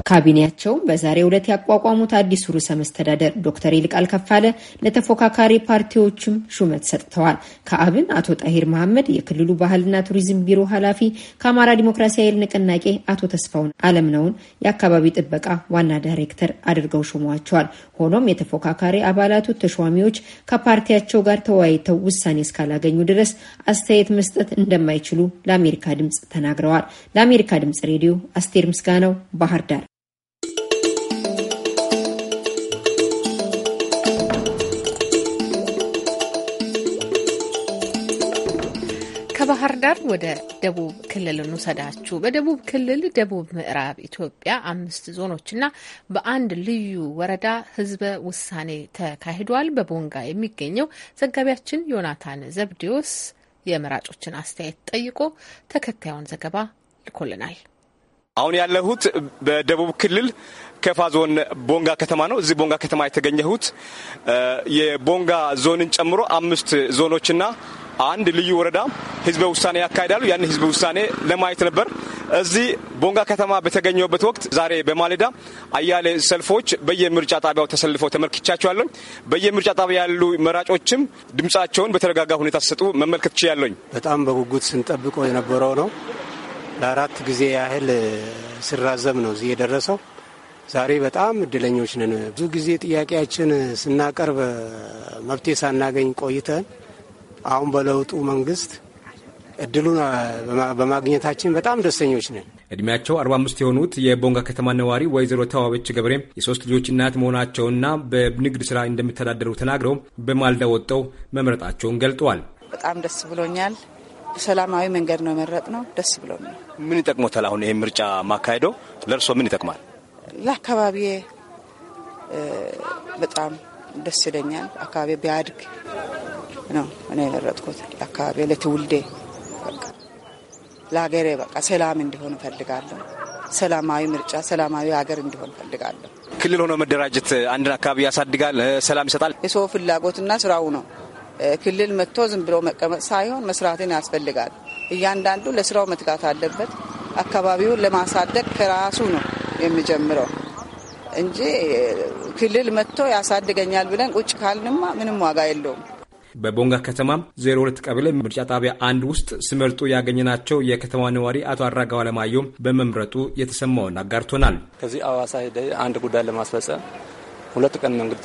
S10: ካቢኔያቸው በዛሬው ዕለት ያቋቋሙት አዲሱ ርዕሰ መስተዳደር ዶክተር ይልቃል ከፋለ ለተፎካካሪ ፓርቲዎችም ሹመት ሰጥተዋል። ከአብን አቶ ጣሂር መሐመድ፣ የክልሉ ባህልና ቱሪዝም ቢሮ ኃላፊ፣ ከአማራ ዲሞክራሲያዊ ኃይል ንቅናቄ አቶ ተስፋውን አለምነውን የአካባቢ ጥበቃ ዋና ዳይሬክተር አድርገው ሹመዋቸዋል። ሆኖም የተፎካካሪ አባላት አባላቱ ተሿሚዎች ከፓርቲያቸው ጋር ተወያይተው ውሳኔ እስካላገኙ ድረስ አስተያየት መስጠት እንደማይችሉ ለአሜሪካ ድምፅ ተናግረዋል። ለአሜሪካ ድምፅ ሬዲዮ አስቴር ምስጋናው ባህር ዳር
S2: ከባህር ዳር ወደ ደቡብ ክልል እንውሰዳችሁ። በደቡብ ክልል ደቡብ ምዕራብ ኢትዮጵያ አምስት ዞኖችና በአንድ ልዩ ወረዳ ህዝበ ውሳኔ ተካሂዷል። በቦንጋ የሚገኘው ዘጋቢያችን ዮናታን ዘብዲዮስ የመራጮችን አስተያየት ጠይቆ ተከታዩን ዘገባ ልኮልናል።
S6: አሁን ያለሁት በደቡብ ክልል ከፋ ዞን ቦንጋ ከተማ ነው። እዚህ ቦንጋ ከተማ የተገኘሁት የቦንጋ ዞንን ጨምሮ አምስት ዞኖችና አንድ ልዩ ወረዳ ህዝበ ውሳኔ ያካሄዳሉ። ያን ህዝበ ውሳኔ ለማየት ነበር እዚህ ቦንጋ ከተማ በተገኘበት ወቅት ዛሬ በማለዳ አያሌ ሰልፎች በየምርጫ ጣቢያው ተሰልፈው ተመልክቻቸዋለሁ። በየምርጫ ጣቢያ ያሉ መራጮችም ድምጻቸውን በተረጋጋ ሁኔታ ሲሰጡ መመልከት ችያለኝ።
S4: በጣም በጉጉት ስንጠብቆ የነበረው ነው። ለአራት ጊዜ ያህል ስራዘም ነው እዚህ የደረሰው። ዛሬ በጣም እድለኞች ነን። ብዙ ጊዜ ጥያቄያችን ስናቀርብ መብቴ ሳናገኝ ቆይተን አሁን በለውጡ መንግስት እድሉን በማግኘታችን በጣም
S5: ደስተኞች ነን።
S6: እድሜያቸው 45 የሆኑት የቦንጋ ከተማ ነዋሪ ወይዘሮ ተዋበች ገብሬ የሶስት ልጆች እናት መሆናቸውና በንግድ ስራ እንደሚተዳደሩ ተናግረው በማልዳ ወጠው መምረጣቸውን ገልጠዋል።
S1: በጣም ደስ ብሎኛል። ሰላማዊ መንገድ ነው የመረጥ ነው። ደስ ብሎኛል።
S6: ምን ይጠቅሞታል? አሁን ይህ ምርጫ ማካሄዶ ለእርሶ ምን ይጠቅማል?
S1: ለአካባቢ በጣም ደስ ይለኛል። አካባቢ ቢያድግ ነው እኔ የመረጥኩት ለአካባቢ ለትውልዴ ለሀገሬ በቃ ሰላም እንዲሆን እፈልጋለሁ። ሰላማዊ ምርጫ፣ ሰላማዊ ሀገር እንዲሆን እፈልጋለሁ። ክልል ሆኖ
S6: መደራጀት አንድን አካባቢ ያሳድጋል፣ ሰላም ይሰጣል።
S1: የሰው ፍላጎትና ስራው ነው። ክልል መጥቶ ዝም ብሎ መቀመጥ ሳይሆን መስራትን ያስፈልጋል። እያንዳንዱ ለስራው መትጋት አለበት። አካባቢውን ለማሳደግ ከራሱ ነው የሚጀምረው እንጂ ክልል መጥቶ ያሳድገኛል ብለን ቁጭ ካልንማ ምንም ዋጋ የለውም።
S6: በቦንጋ ከተማም 02 ቀበሌ ምርጫ ጣቢያ አንድ ውስጥ ስመርጡ ያገኘናቸው የከተማ ነዋሪ አቶ አራጋው አለማየሁም በመምረጡ የተሰማውን አጋርቶናል። ከዚህ አዋሳ ሄደ አንድ ጉዳይ ለማስፈጸም ሁለት ቀን መንገድ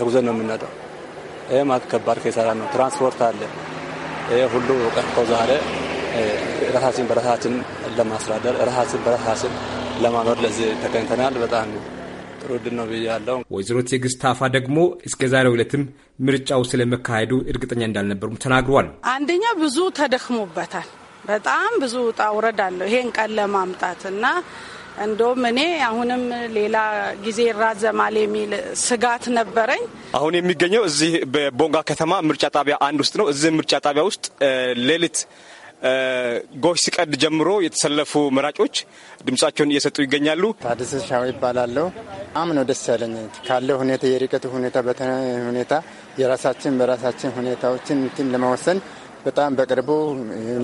S6: ተጉዘን ነው የምንሄደው። ይህ ማለት ከባድ ኪሳራ ነው። ትራንስፖርት አለ። ይህ ሁሉ ቀርቶ ዛሬ ራሳችን በራሳችን ለማስተዳደር ራሳችን በራሳችን ለማኖር ለዚህ ተገኝተናል። በጣም ጥሩ ድል ነው ብያለሁ። ወይዘሮ ትዕግስት ታፋ ደግሞ እስከ ዛሬው ዕለትም ምርጫው ስለመካሄዱ እርግጠኛ እንዳልነበሩም ተናግሯል።
S1: አንደኛ ብዙ ተደክሞበታል። በጣም ብዙ ውጣ ውረድ አለው ይሄን ቀን ለማምጣት እና እንደውም እኔ አሁንም ሌላ ጊዜ ይራዘማል የሚል ስጋት ነበረኝ።
S6: አሁን የሚገኘው እዚህ በቦንጋ ከተማ ምርጫ ጣቢያ አንድ ውስጥ ነው። እዚህ ምርጫ ጣቢያ ውስጥ ሌሊት ጎሽ ሲቀድ ጀምሮ የተሰለፉ መራጮች ድምጻቸውን እየሰጡ ይገኛሉ።
S9: ታደሰ ሻው ይባላለሁ። አም ነው ደስ ያለኝ ካለው ሁኔታ የርቀቱ ሁኔታ ሁኔታ የራሳችን በራሳችን ሁኔታዎችን እንትን ለመወሰን በጣም በቅርቡ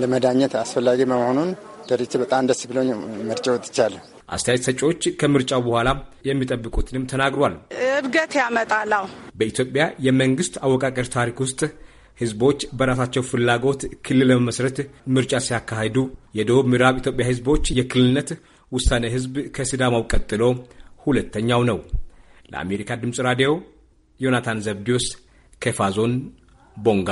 S9: ለመዳኘት አስፈላጊ መሆኑን ደርቼ በጣም
S6: ደስ ብሎኝ መርጬ ወጥቻለሁ። አስተያየት ሰጪዎች ከምርጫው በኋላ የሚጠብቁትንም ተናግሯል።
S1: እድገት ያመጣላው
S6: በኢትዮጵያ የመንግስት አወቃቀር ታሪክ ውስጥ ህዝቦች በራሳቸው ፍላጎት ክልል ለመመስረት ምርጫ ሲያካሂዱ የደቡብ ምዕራብ ኢትዮጵያ ህዝቦች የክልልነት ውሳኔ ህዝብ ከሲዳማው ቀጥሎ ሁለተኛው ነው። ለአሜሪካ ድምፅ ራዲዮ ዮናታን ዘብዲዮስ ከፋዞን ቦንጋ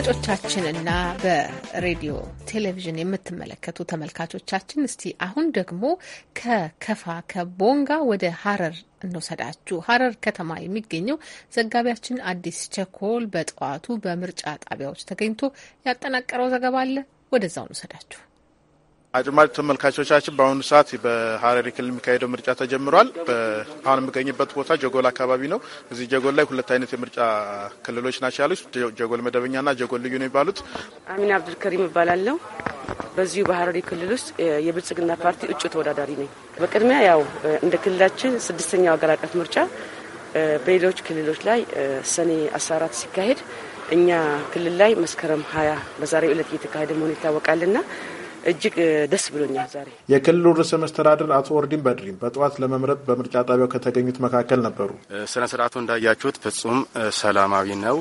S2: አድማጮቻችንና በሬዲዮ ቴሌቪዥን የምትመለከቱ ተመልካቾቻችን፣ እስቲ አሁን ደግሞ ከከፋ ከቦንጋ ወደ ሀረር እንውሰዳችሁ። ሀረር ከተማ የሚገኘው ዘጋቢያችን አዲስ ቸኮል በጠዋቱ በምርጫ ጣቢያዎች ተገኝቶ ያጠናቀረው ዘገባ አለ። ወደዛው እንውሰዳችሁ።
S13: አድማጭ ተመልካቾቻችን በአሁኑ ሰዓት በሀረሪ ክልል የሚካሄደው ምርጫ ተጀምሯል። አሁን የሚገኝበት ቦታ ጀጎል አካባቢ ነው። እዚህ ጀጎል ላይ ሁለት አይነት የምርጫ ክልሎች ናቸው ያሉት ጀጎል መደበኛና ጀጎል ልዩ ነው የሚባሉት።
S1: አሚን አብዱልከሪም እባላለሁ። በዚሁ በሀረሪ ክልል ውስጥ የብልጽግና ፓርቲ እጩ ተወዳዳሪ ነኝ። በቅድሚያ ያው እንደ ክልላችን ስድስተኛው ሀገር አቀፍ ምርጫ በሌሎች ክልሎች ላይ ሰኔ 14 ሲካሄድ እኛ ክልል ላይ መስከረም ሀያ በዛሬው ዕለት እየተካሄደ መሆኑ ይታወቃልና እጅግ ደስ ብሎኛል። ዛሬ
S13: የክልሉ ርዕሰ መስተዳድር አቶ ኦርዲን በድሪም በጠዋት ለመምረጥ በምርጫ ጣቢያው ከተገኙት መካከል ነበሩ።
S4: ስነ ስርዓቱ እንዳያችሁት ፍጹም ሰላማዊ ነው።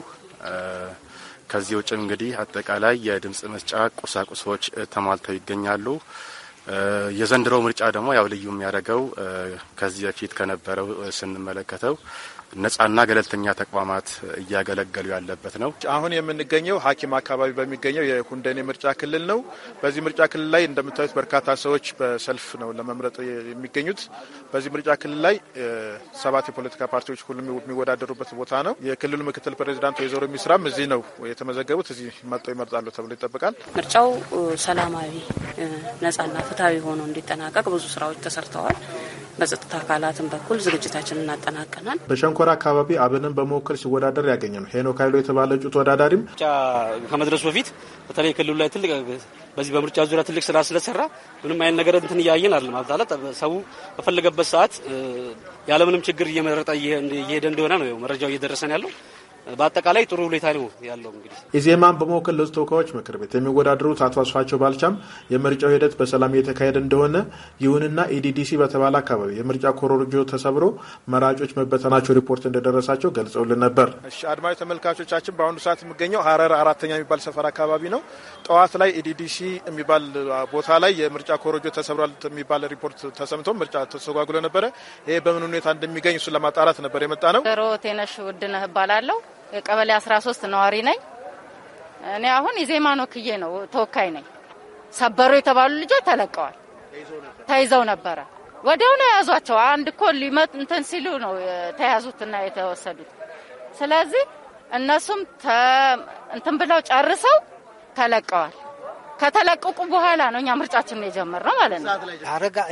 S4: ከዚህ ውጭም እንግዲህ አጠቃላይ የድምፅ መስጫ ቁሳቁሶች ተሟልተው ይገኛሉ። የዘንድሮ ምርጫ ደግሞ ያው ልዩ የሚያደርገው ከዚህ በፊት ከነበረው
S13: ስንመለከተው ነጻና ገለልተኛ ተቋማት እያገለገሉ ያለበት ነው። አሁን የምንገኘው ሀኪም አካባቢ በሚገኘው የሁንደኔ ምርጫ ክልል ነው። በዚህ ምርጫ ክልል ላይ እንደምታዩት በርካታ ሰዎች በሰልፍ ነው ለመምረጥ የሚገኙት። በዚህ ምርጫ ክልል ላይ ሰባት የፖለቲካ ፓርቲዎች ሁሉም የሚወዳደሩበት ቦታ ነው። የክልሉ ምክትል ፕሬዚዳንት ወይዘሮ የሚስራም እዚህ ነው
S1: የተመዘገቡት። እዚህ መጠው ይመርጣሉ ተብሎ ይጠበቃል። ምርጫው ሰላማዊ ነጻና ፍትሐዊ ሆኖ እንዲጠናቀቅ ብዙ ስራዎች ተሰርተዋል። በጸጥታ አካላትን በኩል ዝግጅታችን እናጠናቀናል።
S13: በሸንኮራ አካባቢ አብንን በመወከል ሲወዳደር ያገኘ ነው ሄኖክ ኃይሉ የተባለ እጩ ተወዳዳሪም
S6: ምርጫ ከመድረሱ በፊት በተለይ ክልሉ ላይ ትልቅ በዚህ በምርጫ ዙሪያ ትልቅ ስራ ስለሰራ ምንም አይነት ነገር እንትን እያየን አለ ማለት ሰው በፈለገበት ሰዓት ያለምንም ችግር እየመረጠ እየሄደ እንደሆነ ነው መረጃው እየደረሰን ያለው። በአጠቃላይ ጥሩ ሁኔታ ነው ያለው። እንግዲህ
S13: ኢዜማን በመወከል ለሕዝብ ተወካዮች ምክር ቤት የሚወዳደሩት አቶ አስፋቸው ባልቻም የምርጫው ሂደት በሰላም እየተካሄደ እንደሆነ፣ ይሁንና ኢዲዲሲ በተባለ አካባቢ የምርጫ ኮሮጆ ተሰብሮ መራጮች መበተናቸው ሪፖርት እንደደረሳቸው ገልጸውልን ነበር። አድማጭ ተመልካቾቻችን፣ በአሁኑ ሰዓት የሚገኘው ሀረር አራተኛ የሚባል ሰፈር አካባቢ ነው። ጠዋት ላይ ኢዲዲሲ የሚባል ቦታ ላይ የምርጫ ኮሮጆ ተሰብሯል የሚባል ሪፖርት ተሰምቶ ምርጫ ተስተጓጉሎ ነበረ። ይሄ በምን ሁኔታ እንደሚገኝ እሱን ለማጣራት ነበር የመጣ ነው።
S1: ሮቴነሽ ውድነህ እባላለሁ። ቀበሌ 13 ነዋሪ ነኝ። እኔ አሁን የዜማን ወክዬ ነው ተወካይ ነኝ። ሰበሩ የተባሉ ልጆች
S10: ተለቀዋል። ተይዘው
S1: ነበረ። ወዲያው ነው የያዟቸው። አንድ እኮ ሊመጥ እንትን ሲሉ ነው ተያዙትና የተወሰዱት። ስለዚህ እነሱም እንትን ብለው ጨርሰው ተለቀዋል። ከተለቀቁ በኋላ ነው እኛ ምርጫችን የጀመርነው ማለት ነው።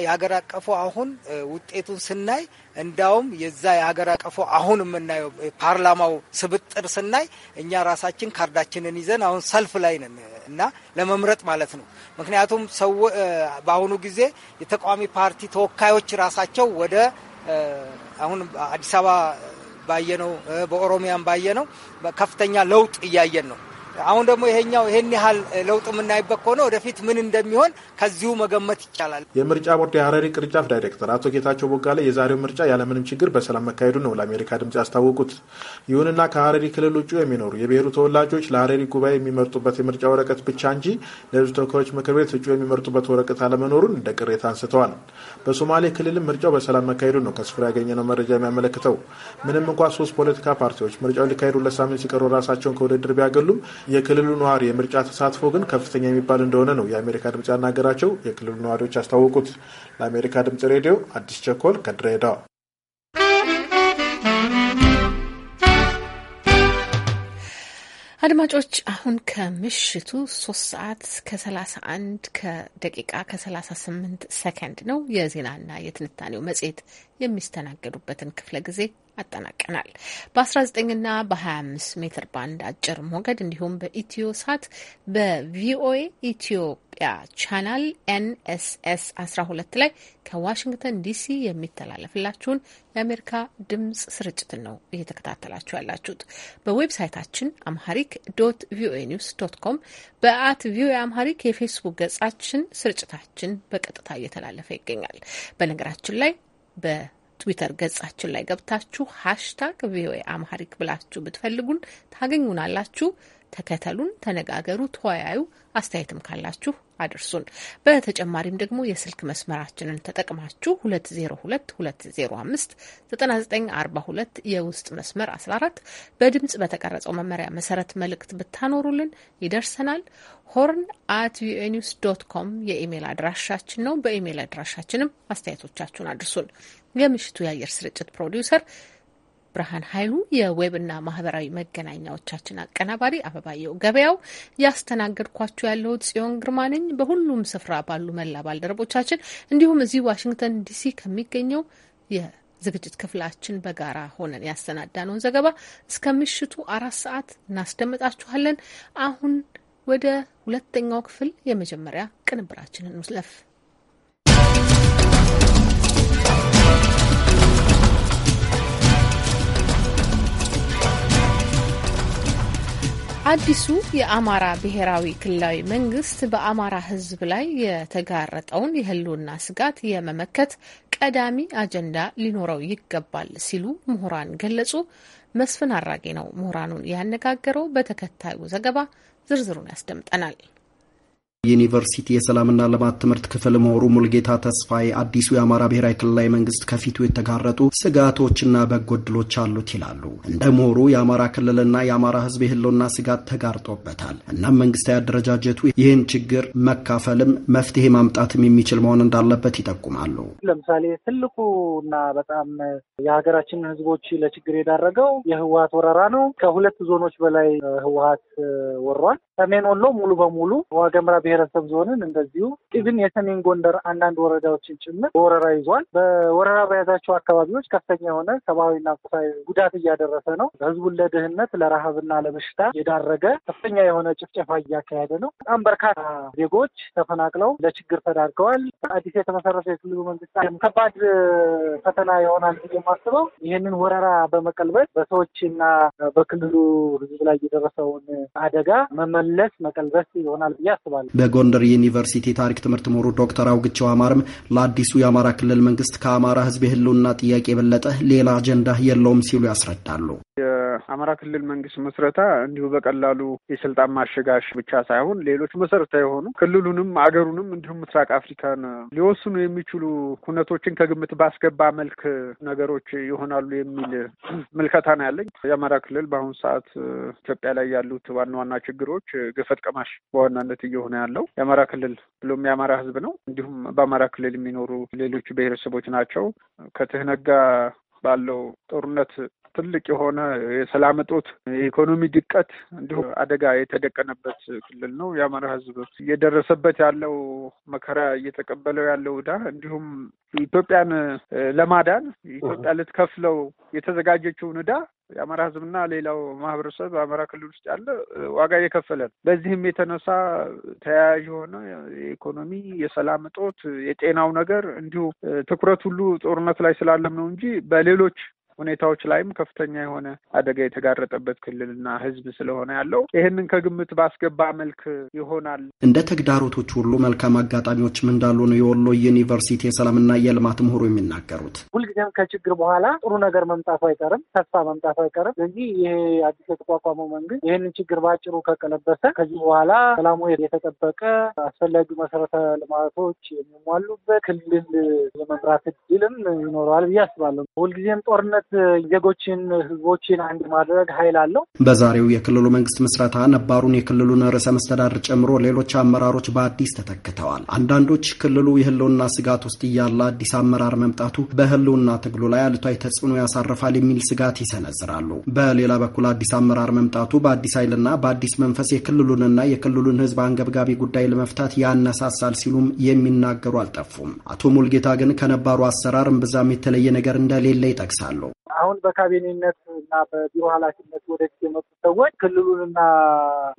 S7: የሀገር አቀፉ አሁን ውጤቱን ስናይ እንዳውም የዛ የሀገር አቀፉ አሁን የምናየው ፓርላማው ስብጥር ስናይ እኛ ራሳችን ካርዳችንን ይዘን አሁን ሰልፍ ላይ ነን እና ለመምረጥ ማለት ነው። ምክንያቱም ሰው በአሁኑ ጊዜ የተቃዋሚ ፓርቲ ተወካዮች ራሳቸው ወደ አሁን አዲስ አበባ ባየነው በኦሮሚያን ባየነው ከፍተኛ ለውጥ እያየን ነው። አሁን ደግሞ ይሄኛው ይሄን ያህል ለውጥ የምናይበት ከሆነ ወደፊት ምን እንደሚሆን ከዚሁ
S13: መገመት ይቻላል። የምርጫ ቦርድ የሀረሪ ቅርንጫፍ ዳይሬክተር አቶ ጌታቸው ቦጋለ የዛሬው ምርጫ ያለምንም ችግር በሰላም መካሄዱ ነው ለአሜሪካ ድምጽ ያስታወቁት። ይሁንና ከሀረሪ ክልል ውጭ የሚኖሩ የብሔሩ ተወላጆች ለሀረሪ ጉባኤ የሚመርጡበት የምርጫ ወረቀት ብቻ እንጂ ለህዝብ ተወካዮች ምክር ቤት እጩ የሚመርጡበት ወረቀት አለመኖሩን እንደ ቅሬታ አንስተዋል። በሶማሌ ክልልም ምርጫው በሰላም መካሄዱ ነው ከስፍራ ያገኘነው መረጃ የሚያመለክተው። ምንም እንኳ ሶስት ፖለቲካ ፓርቲዎች ምርጫው ሊካሄዱ ለሳምንት ሲቀሩ ራሳቸውን ከውድድር ቢያገሉም የክልሉ ነዋሪ የምርጫ ተሳትፎ ግን ከፍተኛ የሚባል እንደሆነ ነው የአሜሪካ ድምፅ ያናገራቸው የክልሉ ነዋሪዎች ያስታወቁት። ለአሜሪካ ድምፅ ሬዲዮ አዲስ ቸኮል ከድሬዳዋ።
S2: አድማጮች አሁን ከምሽቱ ሶስት ሰዓት ከሰላሳ አንድ ከደቂቃ ከሰላሳ ስምንት ሰከንድ ነው። የዜናና የትንታኔው መጽሔት የሚስተናገዱበትን ክፍለ ጊዜ አጠናቀናል። በ19ና በ25 ሜትር ባንድ አጭር ሞገድ እንዲሁም በኢትዮ ሳት በቪኦኤ ኢትዮጵያ ቻናል ኤንኤስኤስ 12 ላይ ከዋሽንግተን ዲሲ የሚተላለፍላችሁን የአሜሪካ ድምጽ ስርጭትን ነው እየተከታተላችሁ ያላችሁት። በዌብሳይታችን አምሃሪክ ዶት ቪኦኤ ኒውስ ዶት ኮም በአት ቪኦኤ አምሃሪክ የፌስቡክ ገጻችን ስርጭታችን በቀጥታ እየተላለፈ ይገኛል። በነገራችን ላይ በ ትዊተር ገጻችን ላይ ገብታችሁ ሀሽታግ ቪኦኤ አምሃሪክ ብላችሁ ብትፈልጉን ታገኙናላችሁ። ተከተሉን፣ ተነጋገሩ፣ ተወያዩ። አስተያየትም ካላችሁ አድርሱን። በተጨማሪም ደግሞ የስልክ መስመራችንን ተጠቅማችሁ 2022059942 የውስጥ መስመር 14 በድምጽ በተቀረጸው መመሪያ መሰረት መልእክት ብታኖሩልን ይደርሰናል። ሆርን አት ቪኦኤ ኒውስ ዶት ኮም የኢሜይል አድራሻችን ነው። በኢሜይል አድራሻችንም አስተያየቶቻችሁን አድርሱን። የምሽቱ የአየር ስርጭት ፕሮዲውሰር ብርሃን ኃይሉ የዌብና ማህበራዊ መገናኛዎቻችን አቀናባሪ አበባየው ገበያው፣ ያስተናገድኳችሁ ያለው ጽዮን ግርማ ነኝ። በሁሉም ስፍራ ባሉ መላ ባልደረቦቻችን እንዲሁም እዚህ ዋሽንግተን ዲሲ ከሚገኘው የዝግጅት ክፍላችን በጋራ ሆነን ያሰናዳነውን ዘገባ እስከ ምሽቱ አራት ሰዓት እናስደምጣችኋለን። አሁን ወደ ሁለተኛው ክፍል የመጀመሪያ ቅንብራችንን እንለፍ። አዲሱ የአማራ ብሔራዊ ክልላዊ መንግስት በአማራ ሕዝብ ላይ የተጋረጠውን የህልውና ስጋት የመመከት ቀዳሚ አጀንዳ ሊኖረው ይገባል ሲሉ ምሁራን ገለጹ። መስፍን አራጌ ነው ምሁራኑን ያነጋገረው። በተከታዩ ዘገባ ዝርዝሩን ያስደምጠናል።
S7: የዩኒቨርሲቲ የሰላምና ልማት ትምህርት ክፍል መሆሩ ሙልጌታ ተስፋዬ አዲሱ የአማራ ብሔራዊ ክልላዊ መንግስት ከፊቱ የተጋረጡ ስጋቶችና በጎ እድሎች አሉት ይላሉ። እንደ ምሁሩ የአማራ ክልልና የአማራ ህዝብ የህልውና ስጋት ተጋርጦበታል። እናም መንግስታዊ አደረጃጀቱ ይህን ችግር መካፈልም መፍትሄ ማምጣትም የሚችል መሆን እንዳለበት ይጠቁማሉ።
S12: ለምሳሌ ትልቁ እና በጣም የሀገራችንን ህዝቦች ለችግር የዳረገው የህወሀት ወረራ ነው። ከሁለት ዞኖች በላይ ህወሀት ወሯል። ሰሜን ወሎ ሙሉ በሙሉ ዋገምራ ብሔረሰብ ዞንን እንደዚሁ ኢቭን የሰሜን ጎንደር አንዳንድ ወረዳዎችን ጭምር በወረራ ይዟል። በወረራ በያዛቸው አካባቢዎች ከፍተኛ የሆነ ሰብአዊና ቁሳዊ ጉዳት እያደረሰ ነው። ህዝቡን ለድህነት ለረሃብና ለበሽታ የዳረገ ከፍተኛ የሆነ ጭፍጨፋ እያካሄደ ነው። በጣም በርካታ ዜጎች ተፈናቅለው ለችግር ተዳርገዋል። አዲስ የተመሰረተ የክልሉ መንግስት ከባድ ፈተና ይሆናል ብዬ የማስበው ይህንን ወረራ በመቀልበስ በሰዎችና በክልሉ ህዝብ ላይ የደረሰውን አደጋ መመለ መመለስ መቀልበስ ይሆናል ብዬ አስባለሁ።
S7: በጎንደር ዩኒቨርሲቲ ታሪክ ትምህርት ምሁሩ ዶክተር አውግቸው አማርም ለአዲሱ የአማራ ክልል መንግስት ከአማራ ህዝብ የህልውና ጥያቄ የበለጠ ሌላ አጀንዳ የለውም ሲሉ ያስረዳሉ።
S14: የአማራ ክልል መንግስት መስረታ እንዲሁ በቀላሉ የስልጣን ማሸጋሽ ብቻ ሳይሆን ሌሎች መሰረታ የሆኑ ክልሉንም አገሩንም እንዲሁም ምስራቅ አፍሪካን ሊወስኑ የሚችሉ ኩነቶችን ከግምት ባስገባ መልክ ነገሮች ይሆናሉ የሚል ምልከታ ነው ያለኝ። የአማራ ክልል በአሁኑ ሰዓት ኢትዮጵያ ላይ ያሉት ዋና ዋና ችግሮች ገፈት ቀማሽ በዋናነት እየሆነ ያለው የአማራ ክልል ብሎም የአማራ ህዝብ ነው። እንዲሁም በአማራ ክልል የሚኖሩ ሌሎች ብሔረሰቦች ናቸው። ከትህነጋ ባለው ጦርነት ትልቅ የሆነ የሰላም እጦት፣ የኢኮኖሚ ድቀት እንዲሁም አደጋ የተደቀነበት ክልል ነው። የአማራ ህዝብ እየደረሰበት ያለው መከራ፣ እየተቀበለው ያለው እዳ እንዲሁም ኢትዮጵያን ለማዳን ኢትዮጵያ ልትከፍለው የተዘጋጀችውን እዳ የአማራ ህዝብና ሌላው ማህበረሰብ በአማራ ክልል ውስጥ ያለ ዋጋ እየከፈለ ነው። በዚህም የተነሳ ተያያዥ የሆነ የኢኮኖሚ፣ የሰላም እጦት፣ የጤናው ነገር እንዲሁ ትኩረት ሁሉ ጦርነት ላይ ስላለም ነው እንጂ በሌሎች ሁኔታዎች ላይም ከፍተኛ የሆነ አደጋ የተጋረጠበት ክልልና ህዝብ ስለሆነ ያለው ይህንን ከግምት ባስገባ መልክ ይሆናል።
S7: እንደ ተግዳሮቶች ሁሉ መልካም አጋጣሚዎችም እንዳሉ ነው የወሎ ዩኒቨርሲቲ የሰላምና የልማት ምሁሩ የሚናገሩት።
S12: ሁልጊዜም ከችግር በኋላ ጥሩ ነገር መምጣቱ አይቀርም፣ ተስፋ መምጣቱ አይቀርም። ስለዚህ ይሄ አዲስ የተቋቋመው መንግስት ይህንን ችግር በአጭሩ ከቀለበሰ ከዚህ በኋላ ሰላሙ የተጠበቀ አስፈላጊው መሰረተ ልማቶች የሚሟሉበት ክልል የመምራት እድልም ይኖረዋል ብዬ አስባለሁ። ሁልጊዜም ጦርነት ማለት ዜጎችን፣ ህዝቦችን አንድ ማድረግ ኃይል አለው።
S7: በዛሬው የክልሉ መንግስት ምስረታ ነባሩን የክልሉን ርዕሰ መስተዳድር ጨምሮ ሌሎች አመራሮች በአዲስ ተተክተዋል። አንዳንዶች ክልሉ የህልውና ስጋት ውስጥ እያለ አዲስ አመራር መምጣቱ በህልውና ትግሉ ላይ አሉታዊ ተጽዕኖ ያሳርፋል የሚል ስጋት ይሰነዝራሉ። በሌላ በኩል አዲስ አመራር መምጣቱ በአዲስ ኃይልና በአዲስ መንፈስ የክልሉንና የክልሉን ህዝብ አንገብጋቢ ጉዳይ ለመፍታት ያነሳሳል ሲሉም የሚናገሩ አልጠፉም። አቶ ሙልጌታ ግን ከነባሩ አሰራር እምብዛም የተለየ ነገር እንደሌለ ይጠቅሳሉ።
S12: አሁን በካቢኔነት እና በቢሮ ኃላፊነት ወደፊት የመጡ ሰዎች ክልሉንና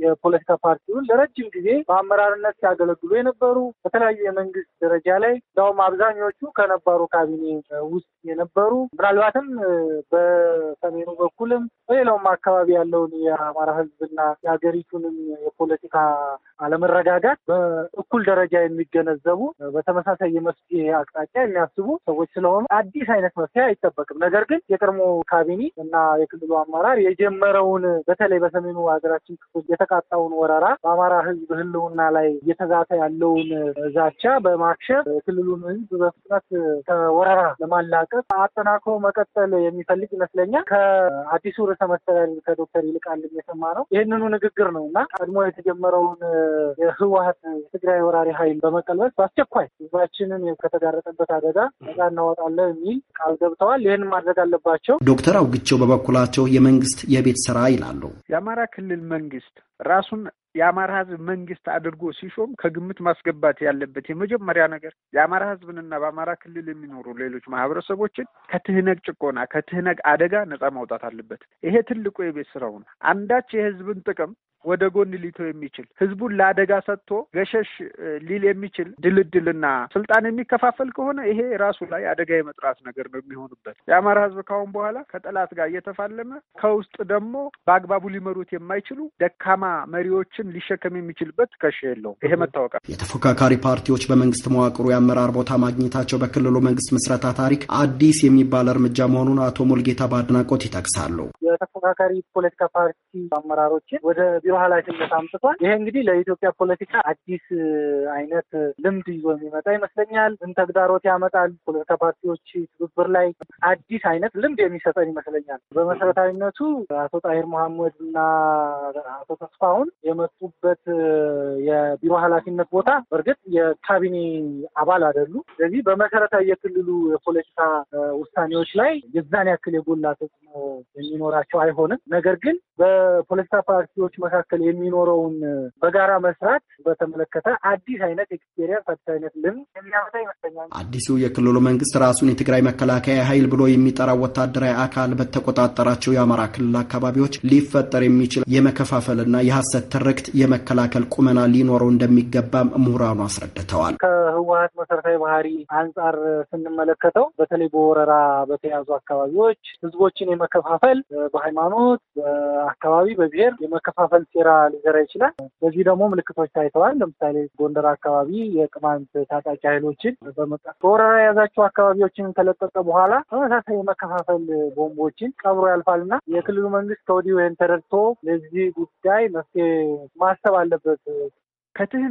S12: የፖለቲካ ፓርቲውን ለረጅም ጊዜ በአመራርነት ሲያገለግሉ የነበሩ በተለያዩ የመንግስት ደረጃ ላይ እንዲሁም አብዛኞቹ ከነባሩ ካቢኔ ውስጥ የነበሩ ምናልባትም በሰሜኑ በኩልም በሌላውም አካባቢ ያለውን የአማራ ህዝብና የሀገሪቱንም የፖለቲካ አለመረጋጋት በእኩል ደረጃ የሚገነዘቡ በተመሳሳይ የመፍትሄ አቅጣጫ የሚያስቡ ሰዎች ስለሆኑ አዲስ አይነት መፍትሄ አይጠበቅም። ነገር ግን የቀድሞ ካቢኔ እና የክልሉ አመራር የጀመረውን በተለይ በሰሜኑ ሀገራችን ክፍል የተቃጣውን ወረራ በአማራ ህዝብ ህልውና ላይ እየተዛተ ያለውን ዛቻ በማክሸፍ የክልሉን ህዝብ በፍጥነት ከወረራ ለማላቀቅ አጠናክሮ መቀጠል የሚፈልግ ይመስለኛል። ከአዲሱ ርዕሰ መስተዳድር ከዶክተር ይልቃል የሰማ ነው ይህንኑ ንግግር ነው እና ቀድሞ የተጀመረውን የህወሀት የትግራይ ወራሪ ኃይል በመቀልበስ በአስቸኳይ ህዝባችንን ከተጋረጠበት አደጋ ነጻ እናወጣለን የሚል ቃል ገብተዋል። ይህን ማድረግ አለባቸው አለባቸው።
S7: ዶክተር አውግቸው በበኩላቸው የመንግስት የቤት ስራ ይላሉ።
S12: የአማራ ክልል መንግስት
S14: ራሱን የአማራ ህዝብ መንግስት አድርጎ ሲሾም ከግምት ማስገባት ያለበት የመጀመሪያ ነገር የአማራ ህዝብንና በአማራ ክልል የሚኖሩ ሌሎች ማህበረሰቦችን ከትህነግ ጭቆና፣ ከትህነግ አደጋ ነጻ ማውጣት አለበት። ይሄ ትልቁ የቤት ስራው ነው። አንዳች የህዝብን ጥቅም ወደ ጎን ሊቶ የሚችል ህዝቡን ለአደጋ ሰጥቶ ገሸሽ ሊል የሚችል ድልድልና ስልጣን የሚከፋፈል ከሆነ ይሄ ራሱ ላይ አደጋ የመጥራት ነገር ነው የሚሆንበት። የአማራ ህዝብ ካሁን በኋላ ከጠላት ጋር እየተፋለመ ከውስጥ ደግሞ በአግባቡ ሊመሩት የማይችሉ ደካማ መሪዎችን ሊሸከም የሚችልበት ትከሻ የለውም። ይሄ መታወቃል።
S7: የተፎካካሪ ፓርቲዎች በመንግስት መዋቅሩ የአመራር ቦታ ማግኘታቸው በክልሉ መንግስት ምስረታ ታሪክ አዲስ የሚባል እርምጃ መሆኑን አቶ ሙልጌታ በአድናቆት ይጠቅሳሉ።
S12: የተፎካካሪ ፖለቲካ ፓርቲ አመራሮችን ወደ የዚሁ ኃላፊነት አምጥቷል። ይሄ እንግዲህ ለኢትዮጵያ ፖለቲካ አዲስ አይነት ልምድ ይዞ የሚመጣ ይመስለኛል። ምን ተግዳሮት ያመጣል? ፖለቲካ ፓርቲዎች ትብብር ላይ አዲስ አይነት ልምድ የሚሰጠን ይመስለኛል። በመሰረታዊነቱ አቶ ጣሂር መሐመድ እና አቶ ተስፋሁን የመጡበት የቢሮ ኃላፊነት ቦታ በእርግጥ የካቢኔ አባል አይደሉ። ስለዚህ በመሰረታዊ የክልሉ የፖለቲካ ውሳኔዎች ላይ የዛን ያክል የጎላ ተጽዕኖ የሚኖራቸው አይሆንም። ነገር ግን በፖለቲካ ፓርቲዎች መካ መካከል የሚኖረውን በጋራ መስራት በተመለከተ አዲስ አይነት ኤክስፔሪንስ አዲስ አይነት ልምድ የሚያመጣ
S7: ይመስለኛል። አዲሱ የክልሉ መንግስት ራሱን የትግራይ መከላከያ ኃይል ብሎ የሚጠራው ወታደራዊ አካል በተቆጣጠራቸው የአማራ ክልል አካባቢዎች ሊፈጠር የሚችል የመከፋፈልና የሀሰት ትርክት የመከላከል ቁመና ሊኖረው እንደሚገባም ምሁራኑ አስረድተዋል።
S12: ከህወሀት መሰረታዊ ባህሪ አንጻር ስንመለከተው በተለይ በወረራ በተያዙ አካባቢዎች ህዝቦችን የመከፋፈል በሃይማኖት፣ በአካባቢ፣ በብሔር የመከፋፈል ሴራ ሊዘራ ይችላል። በዚህ ደግሞ ምልክቶች ታይተዋል። ለምሳሌ ጎንደር አካባቢ የቅማንት ታጣቂ ኃይሎችን በመጣ በወረራ የያዛቸው አካባቢዎችን ከለቀቀ በኋላ ተመሳሳይ የመከፋፈል ቦምቦችን ቀብሮ ያልፋል እና የክልሉ መንግስት ከወዲሁ ይህን ተረድቶ ለዚህ ጉዳይ መፍትሄ
S14: ማሰብ አለበት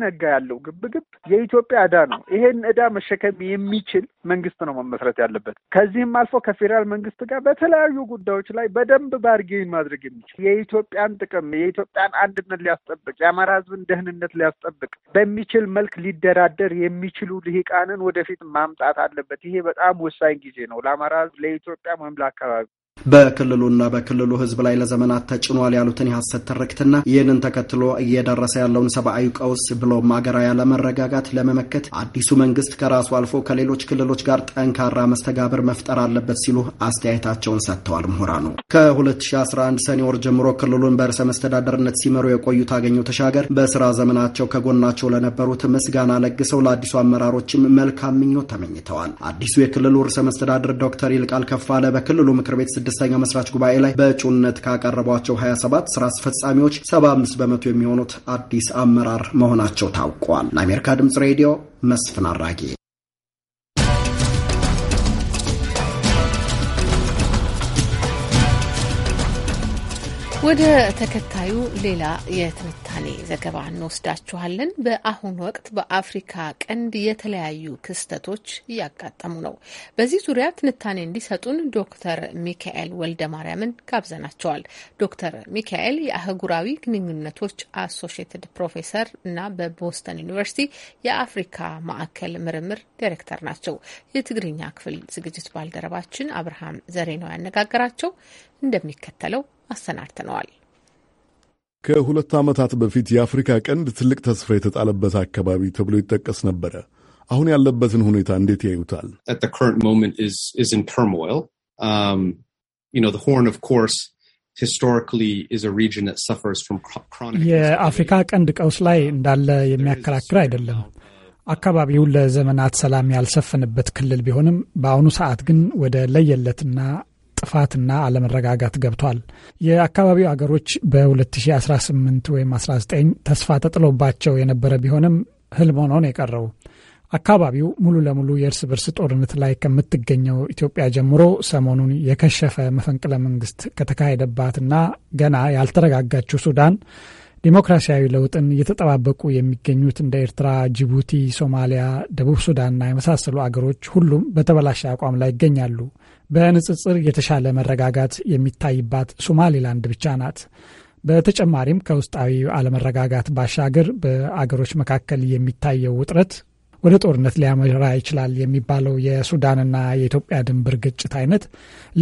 S14: ነጋ ያለው ግብግብ የኢትዮጵያ እዳ ነው። ይሄን እዳ መሸከም የሚችል መንግስት ነው መመስረት ያለበት። ከዚህም አልፎ ከፌዴራል መንግስት ጋር በተለያዩ ጉዳዮች ላይ በደንብ ባርጌን ማድረግ የሚችል የኢትዮጵያን ጥቅም የኢትዮጵያን አንድነት ሊያስጠብቅ የአማራ ህዝብን ደህንነት ሊያስጠብቅ በሚችል መልክ ሊደራደር የሚችሉ ልሂቃንን ወደፊት ማምጣት አለበት። ይሄ በጣም ወሳኝ ጊዜ ነው ለአማራ ህዝብ፣ ለኢትዮጵያ ወይም ለአካባቢ
S7: በክልሉና በክልሉ ህዝብ ላይ ለዘመናት ተጭኗል ያሉትን የሐሰት ትርክትና ይህንን ተከትሎ እየደረሰ ያለውን ሰብአዊ ቀውስ ብሎም ሀገራዊ አለመረጋጋት ለመመከት አዲሱ መንግስት ከራሱ አልፎ ከሌሎች ክልሎች ጋር ጠንካራ መስተጋብር መፍጠር አለበት ሲሉ አስተያየታቸውን ሰጥተዋል። ምሁራኑ ከ2011 ሰኔ ወር ጀምሮ ክልሉን በርዕሰ መስተዳደርነት ሲመሩ የቆዩት አገኘው ተሻገር በስራ ዘመናቸው ከጎናቸው ለነበሩት ምስጋና ለግሰው ለአዲሱ አመራሮችም መልካም ምኞት ተመኝተዋል። አዲሱ የክልሉ ርዕሰ መስተዳደር ዶክተር ይልቃል ከፋለ በክልሉ ምክር ቤት ስድስተኛ መስራች ጉባኤ ላይ በእጩነት ካቀረቧቸው 27 ስራ አስፈጻሚዎች 75 በመቶ የሚሆኑት አዲስ አመራር መሆናቸው ታውቋል። ለአሜሪካ ድምጽ ሬዲዮ መስፍን አራጌ
S2: ወደ ተከታዩ ሌላ የትንታኔ ዘገባ እንወስዳችኋለን። በአሁኑ ወቅት በአፍሪካ ቀንድ የተለያዩ ክስተቶች እያጋጠሙ ነው። በዚህ ዙሪያ ትንታኔ እንዲሰጡን ዶክተር ሚካኤል ወልደ ማርያምን ጋብዘናቸዋል። ዶክተር ሚካኤል የአህጉራዊ ግንኙነቶች አሶሽትድ ፕሮፌሰር እና በቦስተን ዩኒቨርሲቲ የአፍሪካ ማዕከል ምርምር ዲሬክተር ናቸው። የትግርኛ ክፍል ዝግጅት ባልደረባችን አብርሃም ዘሬ ነው ያነጋገራቸው እንደሚከተለው አሰናድተነዋል።
S11: ከሁለት ዓመታት በፊት የአፍሪካ ቀንድ ትልቅ ተስፋ የተጣለበት አካባቢ ተብሎ ይጠቀስ ነበረ። አሁን ያለበትን ሁኔታ እንዴት ያዩታል?
S15: Um, የአፍሪካ
S5: ቀንድ ቀውስ ላይ እንዳለ የሚያከራክር አይደለም። አካባቢው ለዘመናት ሰላም ያልሰፈነበት ክልል ቢሆንም በአሁኑ ሰዓት ግን ወደ ለየለትና ጥፋትና አለመረጋጋት ገብቷል። የአካባቢው አገሮች በ2018 ወይም 19 ተስፋ ተጥሎባቸው የነበረ ቢሆንም ህልም ሆኖ ነው የቀረው። አካባቢው ሙሉ ለሙሉ የእርስ በርስ ጦርነት ላይ ከምትገኘው ኢትዮጵያ ጀምሮ ሰሞኑን የከሸፈ መፈንቅለ መንግስት ከተካሄደባትና ገና ያልተረጋጋችው ሱዳን ዲሞክራሲያዊ ለውጥን እየተጠባበቁ የሚገኙት እንደ ኤርትራ፣ ጅቡቲ፣ ሶማሊያ፣ ደቡብ ሱዳንና የመሳሰሉ አገሮች ሁሉም በተበላሸ አቋም ላይ ይገኛሉ። በንጽጽር የተሻለ መረጋጋት የሚታይባት ሶማሌላንድ ብቻ ናት። በተጨማሪም ከውስጣዊ አለመረጋጋት ባሻገር በአገሮች መካከል የሚታየው ውጥረት ወደ ጦርነት ሊያመራ ይችላል የሚባለው የሱዳንና የኢትዮጵያ ድንበር ግጭት አይነት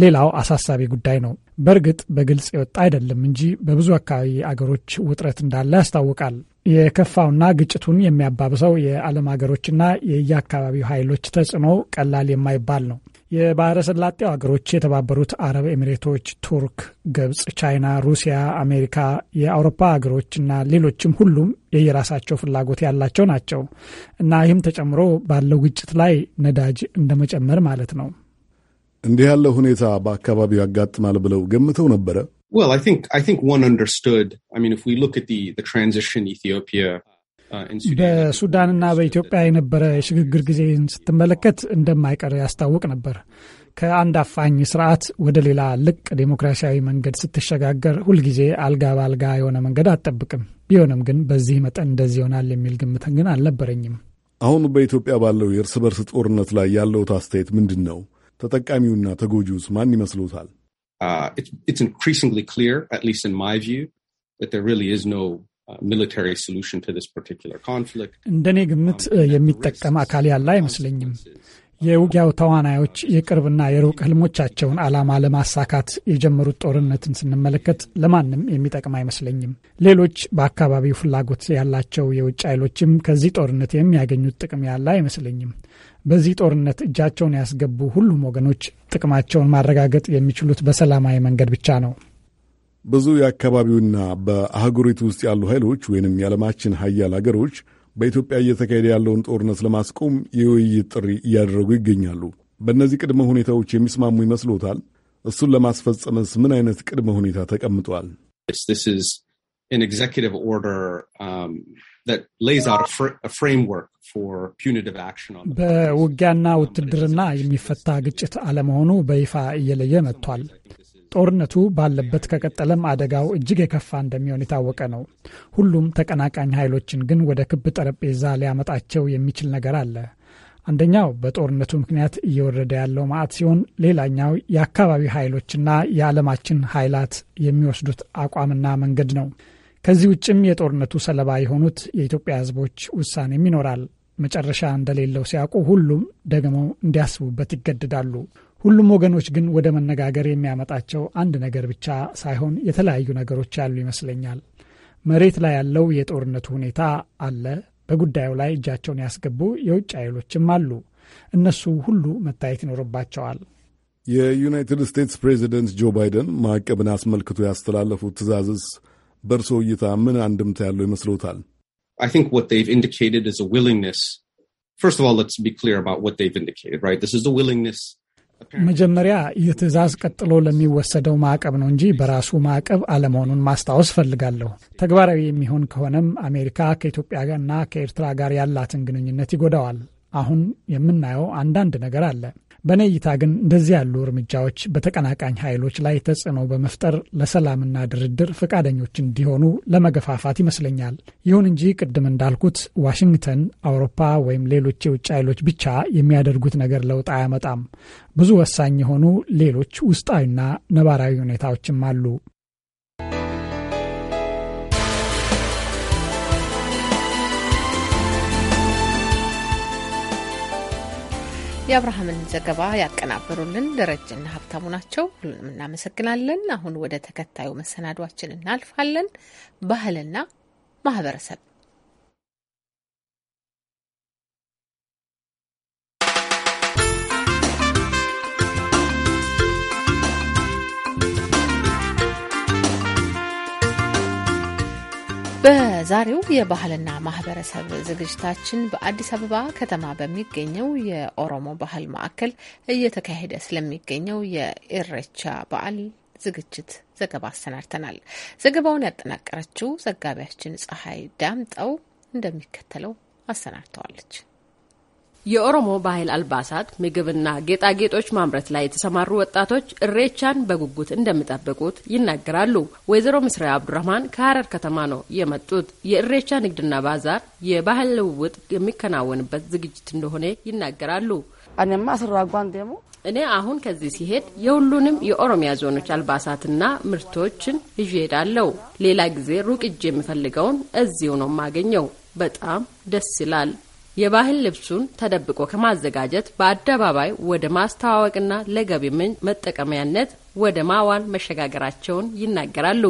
S5: ሌላው አሳሳቢ ጉዳይ ነው። በእርግጥ በግልጽ የወጣ አይደለም እንጂ በብዙ አካባቢ አገሮች ውጥረት እንዳለ ያስታውቃል። የከፋውና ግጭቱን የሚያባብሰው የዓለም ሀገሮችና የየአካባቢው ኃይሎች ተጽዕኖ ቀላል የማይባል ነው። የባህረ ሰላጤው ሀገሮች የተባበሩት አረብ ኤሚሬቶች፣ ቱርክ፣ ግብጽ፣ ቻይና፣ ሩሲያ፣ አሜሪካ፣ የአውሮፓ ሀገሮችና ሌሎችም ሁሉም የየራሳቸው ፍላጎት ያላቸው ናቸው እና ይህም ተጨምሮ ባለው ግጭት ላይ ነዳጅ እንደመጨመር ማለት ነው።
S11: እንዲህ ያለው ሁኔታ በአካባቢው ያጋጥማል ብለው ገምተው ነበረ?
S15: Well, I think I think one understood. I mean, if we look at the the transition Ethiopia
S5: በሱዳንና በኢትዮጵያ የነበረ የሽግግር ጊዜን ስትመለከት እንደማይቀር ያስታውቅ ነበር። ከአንድ አፋኝ ስርዓት ወደ ሌላ ልቅ ዴሞክራሲያዊ መንገድ ስትሸጋገር ሁልጊዜ አልጋ በአልጋ የሆነ መንገድ አትጠብቅም። ቢሆንም ግን በዚህ መጠን እንደዚህ ይሆናል የሚል ግምት ግን አልነበረኝም።
S11: አሁን በኢትዮጵያ ባለው የእርስ በርስ ጦርነት ላይ ያለውት አስተያየት ምንድን ነው? ተጠቃሚውና ተጎጂውስ ማን ይመስሎታል?
S15: uh, it's, it's increasingly clear, at least in my view, that there really is no uh,
S5: እንደ ግምት um, የሚጠቀም አካል ያለ አይመስለኝም። የውጊያው ተዋናዮች የቅርብና የሩቅ ህልሞቻቸውን ዓላማ ለማሳካት የጀመሩት ጦርነትን ስንመለከት ለማንም የሚጠቅም አይመስለኝም። ሌሎች በአካባቢው ፍላጎት ያላቸው የውጭ ኃይሎችም ከዚህ ጦርነት የሚያገኙት ጥቅም ያለ አይመስለኝም። በዚህ ጦርነት እጃቸውን ያስገቡ ሁሉም ወገኖች ጥቅማቸውን ማረጋገጥ የሚችሉት በሰላማዊ መንገድ ብቻ ነው።
S11: ብዙ የአካባቢውና በአህጉሪቱ ውስጥ ያሉ ኃይሎች ወይንም የዓለማችን ሀያል አገሮች በኢትዮጵያ እየተካሄደ ያለውን ጦርነት ለማስቆም የውይይት ጥሪ እያደረጉ ይገኛሉ። በእነዚህ ቅድመ ሁኔታዎች የሚስማሙ ይመስሎታል? እሱን ለማስፈጸምስ ምን አይነት ቅድመ ሁኔታ ተቀምጧል?
S5: በውጊያና ውትድርና የሚፈታ ግጭት አለመሆኑ በይፋ እየለየ መጥቷል። ጦርነቱ ባለበት ከቀጠለም አደጋው እጅግ የከፋ እንደሚሆን የታወቀ ነው። ሁሉም ተቀናቃኝ ኃይሎችን ግን ወደ ክብ ጠረጴዛ ሊያመጣቸው የሚችል ነገር አለ። አንደኛው በጦርነቱ ምክንያት እየወረደ ያለው መዓት ሲሆን፣ ሌላኛው የአካባቢ ኃይሎችና የዓለማችን ኃይላት የሚወስዱት አቋምና መንገድ ነው። ከዚህ ውጭም የጦርነቱ ሰለባ የሆኑት የኢትዮጵያ ህዝቦች ውሳኔም ይኖራል። መጨረሻ እንደሌለው ሲያውቁ ሁሉም ደግሞ እንዲያስቡበት ይገድዳሉ። ሁሉም ወገኖች ግን ወደ መነጋገር የሚያመጣቸው አንድ ነገር ብቻ ሳይሆን የተለያዩ ነገሮች ያሉ ይመስለኛል። መሬት ላይ ያለው የጦርነቱ ሁኔታ አለ። በጉዳዩ ላይ እጃቸውን ያስገቡ የውጭ ኃይሎችም አሉ። እነሱ ሁሉ መታየት ይኖርባቸዋል።
S11: የዩናይትድ ስቴትስ ፕሬዚደንት ጆ ባይደን ማዕቀብን አስመልክቶ ያስተላለፉት ትዕዛዝስ በእርሶ እይታ ምን አንድምታ ያለው
S15: ይመስሎታል?
S5: መጀመሪያ የትዕዛዝ ቀጥሎ ለሚወሰደው ማዕቀብ ነው እንጂ በራሱ ማዕቀብ አለመሆኑን ማስታወስ ፈልጋለሁ። ተግባራዊ የሚሆን ከሆነም አሜሪካ ከኢትዮጵያ እና ከኤርትራ ጋር ያላትን ግንኙነት ይጎዳዋል። አሁን የምናየው አንዳንድ ነገር አለ። በእኔ እይታ ግን እንደዚህ ያሉ እርምጃዎች በተቀናቃኝ ኃይሎች ላይ ተጽዕኖ በመፍጠር ለሰላምና ድርድር ፈቃደኞች እንዲሆኑ ለመገፋፋት ይመስለኛል። ይሁን እንጂ ቅድም እንዳልኩት ዋሽንግተን፣ አውሮፓ ወይም ሌሎች የውጭ ኃይሎች ብቻ የሚያደርጉት ነገር ለውጥ አያመጣም። ብዙ ወሳኝ የሆኑ ሌሎች ውስጣዊና ነባራዊ ሁኔታዎችም አሉ።
S2: የአብርሃምን ዘገባ ያቀናበሩልን ደረጀና ሀብታሙ ናቸው። ሁሉንም እናመሰግናለን። አሁን ወደ ተከታዩ መሰናዷችን እናልፋለን። ባህልና ማህበረሰብ በዛሬው የባህልና ማህበረሰብ ዝግጅታችን በአዲስ አበባ ከተማ በሚገኘው የኦሮሞ ባህል ማዕከል እየተካሄደ ስለሚገኘው የኢሬቻ በዓል ዝግጅት ዘገባ አሰናድተናል። ዘገባውን ያጠናቀረችው ዘጋቢያችን ፀሐይ ዳምጠው እንደሚከተለው አሰናድተዋለች።
S1: የኦሮሞ ባህል አልባሳት፣ ምግብና ጌጣጌጦች ማምረት ላይ የተሰማሩ ወጣቶች እሬቻን በጉጉት እንደሚጠብቁት ይናገራሉ። ወይዘሮ ምስሪያ አብዱራህማን ከሀረር ከተማ ነው የመጡት። የእሬቻ ንግድና ባዛር የባህል ልውውጥ የሚከናወንበት ዝግጅት እንደሆነ ይናገራሉ። አኔማ ስራጓን እኔ አሁን ከዚህ ሲሄድ የሁሉንም የኦሮሚያ ዞኖች አልባሳትና ምርቶችን ይዤ ሄዳለሁ። ሌላ ጊዜ ሩቅ እጅ የሚፈልገውን እዚሁ ነው የማገኘው። በጣም ደስ ይላል። የባህል ልብሱን ተደብቆ ከማዘጋጀት በአደባባይ ወደ ማስተዋወቅና ለገቢ ምንጭ መጠቀሚያነት ወደ ማዋል መሸጋገራቸውን ይናገራሉ።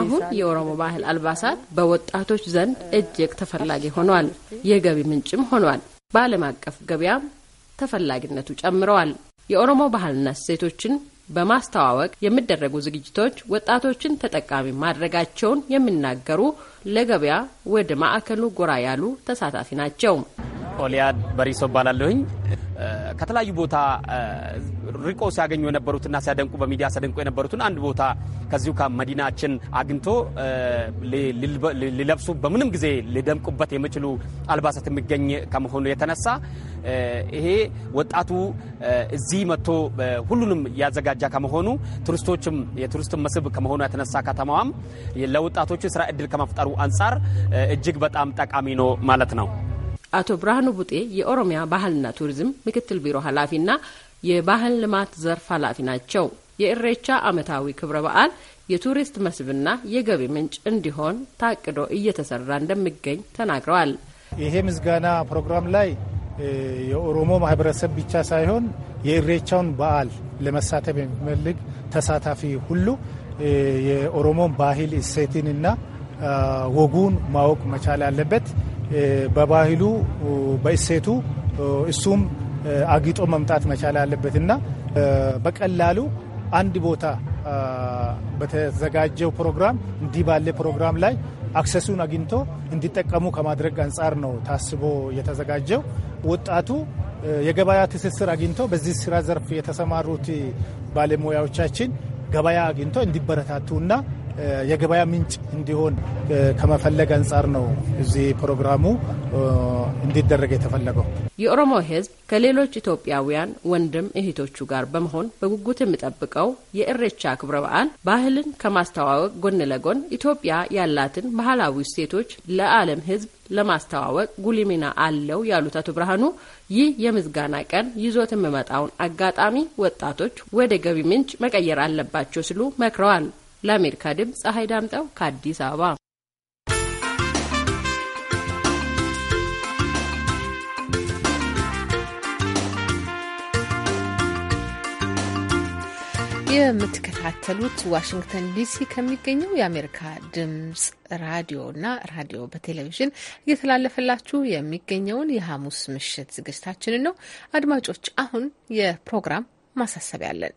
S1: አሁን የኦሮሞ ባህል አልባሳት በወጣቶች ዘንድ እጅግ ተፈላጊ ሆኗል። የገቢ ምንጭም ሆኗል። በዓለም አቀፍ ገበያም ተፈላጊነቱ ጨምረዋል። የኦሮሞ ባህልና እሴቶችን በማስተዋወቅ የሚደረጉ ዝግጅቶች ወጣቶችን ተጠቃሚ ማድረጋቸውን የሚናገሩ ለገበያ ወደ ማዕከሉ ጎራ ያሉ ተሳታፊ ናቸው። ኦሊያድ በሪሶ እባላለሁኝ። ከተለያዩ ቦታ ርቆ ሲያገኙ
S6: የነበሩትና ሲያደንቁ በሚዲያ ሲያደንቁ የነበሩትን አንድ ቦታ ከዚሁ ከመዲናችን አግኝቶ ሊለብሱ በምንም ጊዜ ሊደምቁበት የሚችሉ አልባሳት የሚገኝ ከመሆኑ የተነሳ ይሄ ወጣቱ እዚህ መጥቶ ሁሉንም ያዘጋጃ ከመሆኑ ቱሪስቶችም የቱሪስት መስህብ ከመሆኑ የተነሳ ከተማዋም ለወጣቶቹ ስራ እድል ከመፍጠሩ ከመፍጠሩ አንጻር እጅግ በጣም ጠቃሚ ነው ማለት ነው።
S1: አቶ ብርሃኑ ቡጤ የኦሮሚያ ባህልና ቱሪዝም ምክትል ቢሮ ኃላፊና የባህል ልማት ዘርፍ ኃላፊ ናቸው። የእሬቻ ዓመታዊ ክብረ በዓል የቱሪስት መስህብና የገቢ ምንጭ እንዲሆን ታቅዶ እየተሰራ እንደሚገኝ ተናግረዋል። ይሄ ምዝጋና ፕሮግራም
S4: ላይ የኦሮሞ ማህበረሰብ ብቻ ሳይሆን የእሬቻውን በዓል ለመሳተፍ የሚፈልግ ተሳታፊ ሁሉ የኦሮሞ ባህል እሴትንና ወጉን ማወቅ መቻል ያለበት በባህሉ በእሴቱ እሱም አጊጦ መምጣት መቻል ያለበት እና በቀላሉ አንድ ቦታ በተዘጋጀው ፕሮግራም እንዲህ ባለ ፕሮግራም ላይ አክሰሱን አግኝቶ እንዲጠቀሙ ከማድረግ አንጻር ነው ታስቦ የተዘጋጀው። ወጣቱ የገበያ ትስስር አግኝቶ በዚህ ስራ ዘርፍ የተሰማሩት ባለሙያዎቻችን ገበያ አግኝቶ እንዲበረታቱና የገበያ ምንጭ እንዲሆን ከመፈለግ አንጻር ነው እዚህ ፕሮግራሙ እንዲደረግ
S1: የተፈለገው። የኦሮሞ ሕዝብ ከሌሎች ኢትዮጵያውያን ወንድም እህቶቹ ጋር በመሆን በጉጉት የሚጠብቀው የእሬቻ ክብረ በዓል ባህልን ከማስተዋወቅ ጎን ለጎን ኢትዮጵያ ያላትን ባህላዊ እሴቶች ለዓለም ሕዝብ ለማስተዋወቅ ጉልህ ሚና አለው ያሉት አቶ ብርሃኑ ይህ የምዝጋና ቀን ይዞት የሚመጣውን አጋጣሚ ወጣቶች ወደ ገቢ ምንጭ መቀየር አለባቸው ሲሉ መክረዋል። ለአሜሪካ ድምፅ ፀሐይ ዳምጠው ከአዲስ አበባ።
S2: የምትከታተሉት ዋሽንግተን ዲሲ ከሚገኘው የአሜሪካ ድምጽ ራዲዮና ራዲዮ በቴሌቪዥን እየተላለፈላችሁ የሚገኘውን የሐሙስ ምሽት ዝግጅታችንን ነው። አድማጮች፣ አሁን የፕሮግራም ማሳሰቢያ አለን።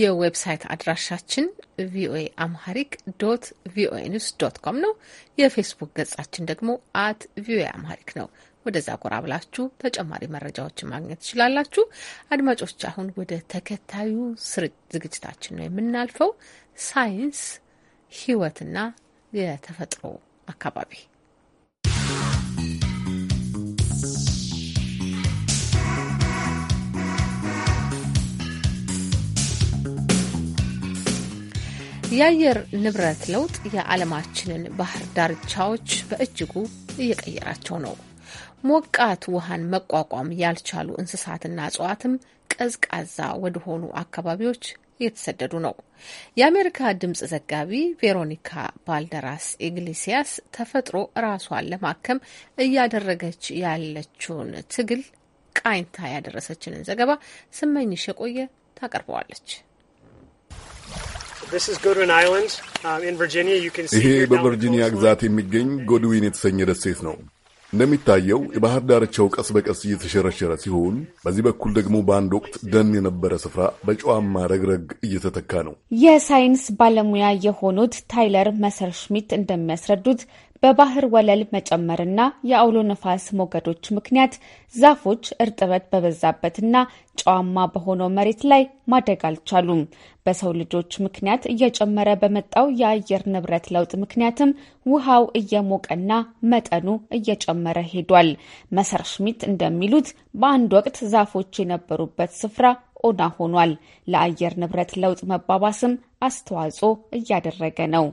S2: የዌብሳይት አድራሻችን ቪኦኤ አምሃሪክ ዶት ቪኦኤ ኒውስ ዶት ኮም ነው። የፌስቡክ ገጻችን ደግሞ አት ቪኦኤ አምሃሪክ ነው። ወደዛ ጎራ ብላችሁ ተጨማሪ መረጃዎችን ማግኘት ትችላላችሁ። አድማጮች፣ አሁን ወደ ተከታዩ ዝግጅታችን ነው የምናልፈው ሳይንስ ህይወትና የተፈጥሮ አካባቢ የአየር ንብረት ለውጥ የዓለማችንን ባህር ዳርቻዎች በእጅጉ እየቀየራቸው ነው። ሞቃት ውሃን መቋቋም ያልቻሉ እንስሳትና እጽዋትም ቀዝቃዛ ወደሆኑ አካባቢዎች እየተሰደዱ ነው። የአሜሪካ ድምጽ ዘጋቢ ቬሮኒካ ባልደራስ ኢግሊሲያስ ተፈጥሮ ራሷን ለማከም እያደረገች ያለችውን ትግል ቃኝታ ያደረሰችንን ዘገባ ስመኝሽ የቆየ ታቀርበዋለች።
S15: Um, ይሄ
S11: በቨርጂኒያ ግዛት የሚገኝ ጎድዊን የተሰኘ ደሴት ነው። እንደሚታየው የባህር ዳርቻው ቀስ በቀስ እየተሸረሸረ ሲሆን በዚህ በኩል ደግሞ በአንድ ወቅት ደን የነበረ ስፍራ በጨዋማ ረግረግ እየተተካ ነው።
S16: የሳይንስ ባለሙያ የሆኑት ታይለር መሰር ሽሚት እንደሚያስረዱት በባህር ወለል መጨመርና የአውሎ ነፋስ ሞገዶች ምክንያት ዛፎች እርጥበት በበዛበትና ጨዋማ በሆነው መሬት ላይ ማደግ አልቻሉም። በሰው ልጆች ምክንያት እየጨመረ በመጣው የአየር ንብረት ለውጥ ምክንያትም ውሃው እየሞቀና መጠኑ እየጨመረ ሄዷል። መሰር ሽሚት እንደሚሉት በአንድ ወቅት ዛፎች የነበሩበት ስፍራ ኦና ሆኗል። ለአየር ንብረት ለውጥ መባባስም አስተዋጽኦ እያደረገ ነው።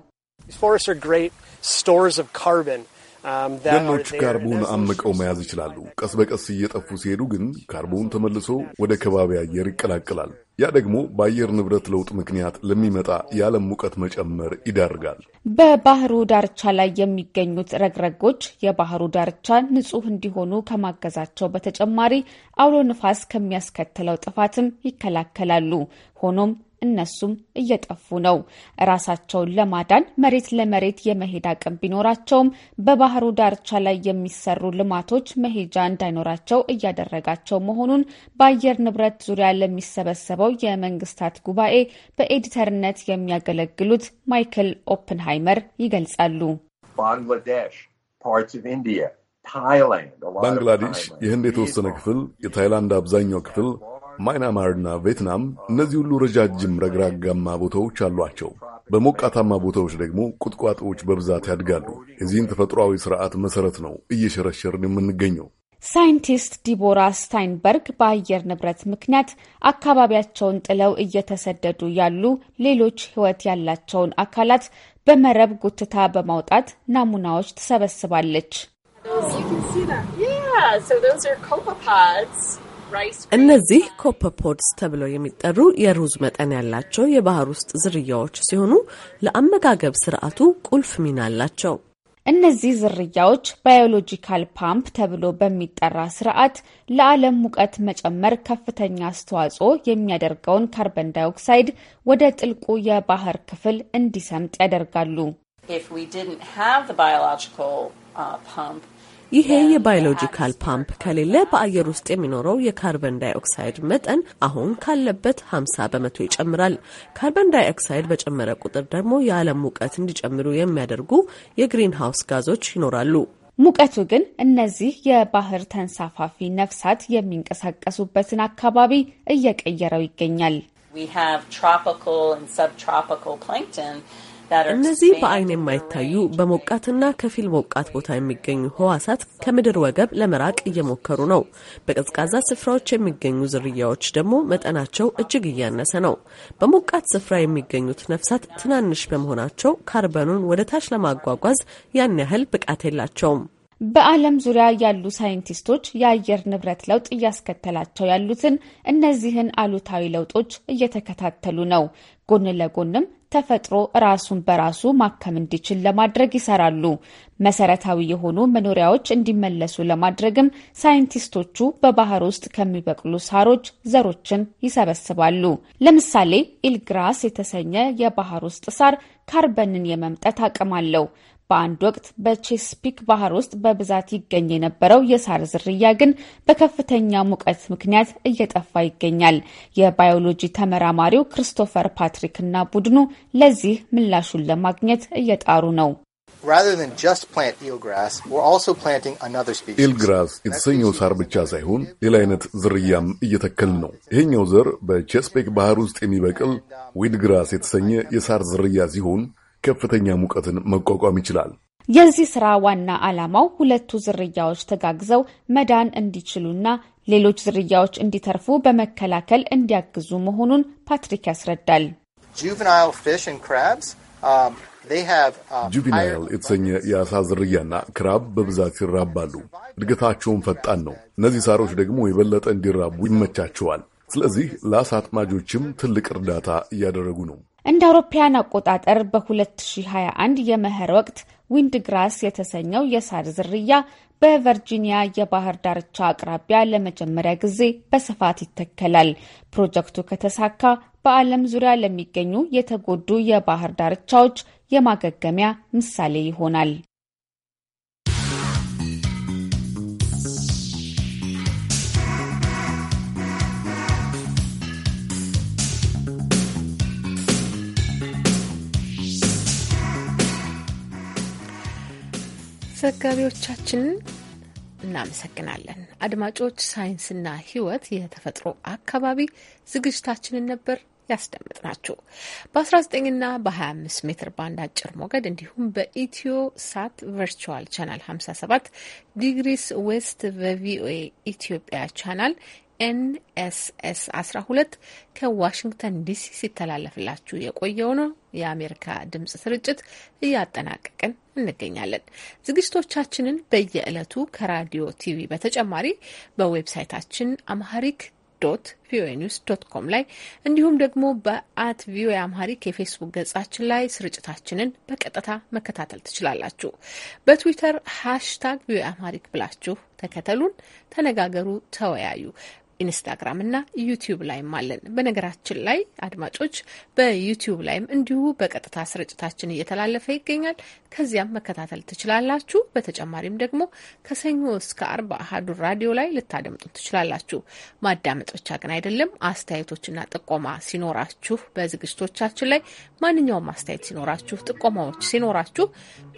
S15: ደኖች um, ካርቦን
S11: አምቀው መያዝ ይችላሉ። ቀስ በቀስ እየጠፉ ሲሄዱ ግን ካርቦን ተመልሶ ወደ ከባቢ አየር ይቀላቀላል። ያ ደግሞ በአየር ንብረት ለውጥ ምክንያት ለሚመጣ የዓለም ሙቀት መጨመር ይዳርጋል።
S16: በባህሩ ዳርቻ ላይ የሚገኙት ረግረጎች የባህሩ ዳርቻ ንጹህ እንዲሆኑ ከማገዛቸው በተጨማሪ አውሎ ንፋስ ከሚያስከትለው ጥፋትም ይከላከላሉ። ሆኖም እነሱም እየጠፉ ነው። ራሳቸውን ለማዳን መሬት ለመሬት የመሄድ አቅም ቢኖራቸውም በባህሩ ዳርቻ ላይ የሚሰሩ ልማቶች መሄጃ እንዳይኖራቸው እያደረጋቸው መሆኑን በአየር ንብረት ዙሪያ ለሚሰበሰበው የመንግስታት ጉባኤ በኤዲተርነት የሚያገለግሉት ማይክል ኦፕንሃይመር ይገልጻሉ።
S17: ባንግላዴሽ፣
S11: የህንድ የተወሰነ ክፍል፣ የታይላንድ አብዛኛው ክፍል ማይናማርና ቬትናም እነዚህ ሁሉ ረጃጅም ረግራጋማ ቦታዎች አሏቸው። በሞቃታማ ቦታዎች ደግሞ ቁጥቋጦዎች በብዛት ያድጋሉ። የዚህን ተፈጥሯዊ ስርዓት መሰረት ነው እየሸረሸርን የምንገኘው።
S16: ሳይንቲስት ዲቦራ ስታይንበርግ በአየር ንብረት ምክንያት አካባቢያቸውን ጥለው እየተሰደዱ ያሉ ሌሎች ሕይወት ያላቸውን አካላት በመረብ ጉትታ በማውጣት ናሙናዎች
S1: ትሰበስባለች። እነዚህ ኮፐፖድስ ተብለው የሚጠሩ የሩዝ መጠን ያላቸው የባህር ውስጥ ዝርያዎች ሲሆኑ ለአመጋገብ ስርዓቱ ቁልፍ ሚና አላቸው። እነዚህ
S16: ዝርያዎች ባዮሎጂካል ፓምፕ ተብሎ በሚጠራ ስርዓት ለዓለም ሙቀት መጨመር ከፍተኛ አስተዋጽኦ የሚያደርገውን ካርበን ዳይኦክሳይድ ወደ ጥልቁ የባህር ክፍል እንዲሰምጥ ያደርጋሉ።
S1: ይሄ የባዮሎጂካል ፓምፕ ከሌለ በአየር ውስጥ የሚኖረው የካርበን ዳይኦክሳይድ መጠን አሁን ካለበት 50 በመቶ ይጨምራል። ካርበን ዳይኦክሳይድ በጨመረ ቁጥር ደግሞ የዓለም ሙቀት እንዲጨምሩ የሚያደርጉ የግሪን ሃውስ ጋዞች ይኖራሉ።
S16: ሙቀቱ ግን እነዚህ የባህር ተንሳፋፊ ነፍሳት የሚንቀሳቀሱበትን አካባቢ እየቀየረው ይገኛል።
S14: እነዚህ
S1: በአይን የማይታዩ በሞቃትና ከፊል ሞቃት ቦታ የሚገኙ ህዋሳት ከምድር ወገብ ለመራቅ እየሞከሩ ነው። በቀዝቃዛ ስፍራዎች የሚገኙ ዝርያዎች ደግሞ መጠናቸው እጅግ እያነሰ ነው። በሞቃት ስፍራ የሚገኙት ነፍሳት ትናንሽ በመሆናቸው ካርበኑን ወደ ታች ለማጓጓዝ ያን ያህል ብቃት የላቸውም።
S16: በዓለም ዙሪያ ያሉ ሳይንቲስቶች የአየር ንብረት ለውጥ እያስከተላቸው ያሉትን እነዚህን አሉታዊ ለውጦች እየተከታተሉ ነው። ጎን ለጎንም ተፈጥሮ ራሱን በራሱ ማከም እንዲችል ለማድረግ ይሰራሉ። መሰረታዊ የሆኑ መኖሪያዎች እንዲመለሱ ለማድረግም ሳይንቲስቶቹ በባህር ውስጥ ከሚበቅሉ ሳሮች ዘሮችን ይሰበስባሉ። ለምሳሌ ኢልግራስ የተሰኘ የባህር ውስጥ ሳር ካርበንን የመምጠት አቅም አለው። በአንድ ወቅት በቼስፒክ ባህር ውስጥ በብዛት ይገኝ የነበረው የሳር ዝርያ ግን በከፍተኛ ሙቀት ምክንያት እየጠፋ ይገኛል። የባዮሎጂ ተመራማሪው ክሪስቶፈር ፓትሪክ እና ቡድኑ ለዚህ ምላሹን ለማግኘት እየጣሩ ነው።
S11: ኢልግራስ የተሰኘው ሳር ብቻ ሳይሆን ሌላ አይነት ዝርያም እየተከልን ነው። ይሄኛው ዘር በቼስፔክ ባህር ውስጥ የሚበቅል ዊድግራስ የተሰኘ የሳር ዝርያ ሲሆን ከፍተኛ ሙቀትን መቋቋም ይችላል።
S1: የዚህ ስራ
S16: ዋና ዓላማው ሁለቱ ዝርያዎች ተጋግዘው መዳን እንዲችሉና ሌሎች ዝርያዎች እንዲተርፉ በመከላከል እንዲያግዙ መሆኑን ፓትሪክ ያስረዳል።
S15: um, um, ጁቪናይል
S11: የተሰኘ የአሳ ዝርያና ክራብ በብዛት ይራባሉ። እድገታቸውን ፈጣን ነው። እነዚህ ሳሮች ደግሞ የበለጠ እንዲራቡ ይመቻቸዋል። ስለዚህ ለአሳ አጥማጆችም ትልቅ እርዳታ እያደረጉ ነው።
S16: እንደ አውሮፓውያን አቆጣጠር በ2021 የመኸር ወቅት ዊንድ ግራስ የተሰኘው የሳር ዝርያ በቨርጂኒያ የባህር ዳርቻ አቅራቢያ ለመጀመሪያ ጊዜ በስፋት ይተከላል። ፕሮጀክቱ ከተሳካ በዓለም ዙሪያ ለሚገኙ የተጎዱ የባህር ዳርቻዎች የማገገሚያ ምሳሌ ይሆናል።
S2: ዘጋቢዎቻችንን እናመሰግናለን። አድማጮች፣ ሳይንስና ህይወት የተፈጥሮ አካባቢ ዝግጅታችንን ነበር ያስደምጥናችሁ። በ19ና በ25 ሜትር ባንድ አጭር ሞገድ እንዲሁም በኢትዮ ሳት ቨርቹዋል ቻናል 57 ዲግሪስ ዌስት በቪኦኤ ኢትዮጵያ ቻናል ኤንኤስኤስ 12 ከዋሽንግተን ዲሲ ሲተላለፍላችሁ የቆየው ነው። የአሜሪካ ድምጽ ስርጭት እያጠናቀቅን እንገኛለን። ዝግጅቶቻችንን በየዕለቱ ከራዲዮ ቲቪ በተጨማሪ በዌብሳይታችን አምሃሪክ ዶት ቪኦኤ ኒውስ ዶት ኮም ላይ እንዲሁም ደግሞ በአት ቪኦኤ አምሃሪክ የፌስቡክ ገጻችን ላይ ስርጭታችንን በቀጥታ መከታተል ትችላላችሁ። በትዊተር ሃሽታግ ቪኦኤ አምሃሪክ ብላችሁ ተከተሉን፣ ተነጋገሩ፣ ተወያዩ። ኢንስታግራም እና ዩቲዩብ ላይም አለን። በነገራችን ላይ አድማጮች በዩቲዩብ ላይም እንዲሁ በቀጥታ ስርጭታችን እየተላለፈ ይገኛል። ከዚያም መከታተል ትችላላችሁ። በተጨማሪም ደግሞ ከሰኞ እስከ አርብ አሀዱ ራዲዮ ላይ ልታደምጡ ትችላላችሁ። ማዳመጥ ብቻ ግን አይደለም። አስተያየቶችና ጥቆማ ሲኖራችሁ በዝግጅቶቻችን ላይ ማንኛውም አስተያየት ሲኖራችሁ፣ ጥቆማዎች ሲኖራችሁ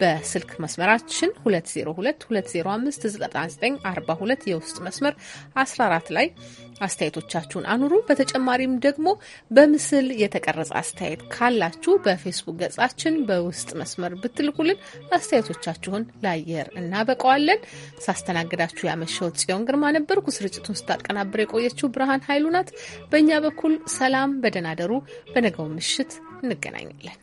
S2: በስልክ መስመራችን 2022059942 የውስጥ መስመር 14 ላይ አስተያየቶቻችሁን አኑሩ። በተጨማሪም ደግሞ በምስል የተቀረጸ አስተያየት ካላችሁ በፌስቡክ ገጻችን በውስጥ መስመር ብትልኩ እንድትልኩልን አስተያየቶቻችሁን ለአየር እናበቀዋለን። ሳስተናግዳችሁ ያመሸው ጽዮን ግርማ ነበርኩ። ስርጭቱን ስታቀናብር የቆየችው ብርሃን ኃይሉ ናት። በእኛ በኩል ሰላም፣ በደህና ደሩ። በነገው ምሽት እንገናኛለን።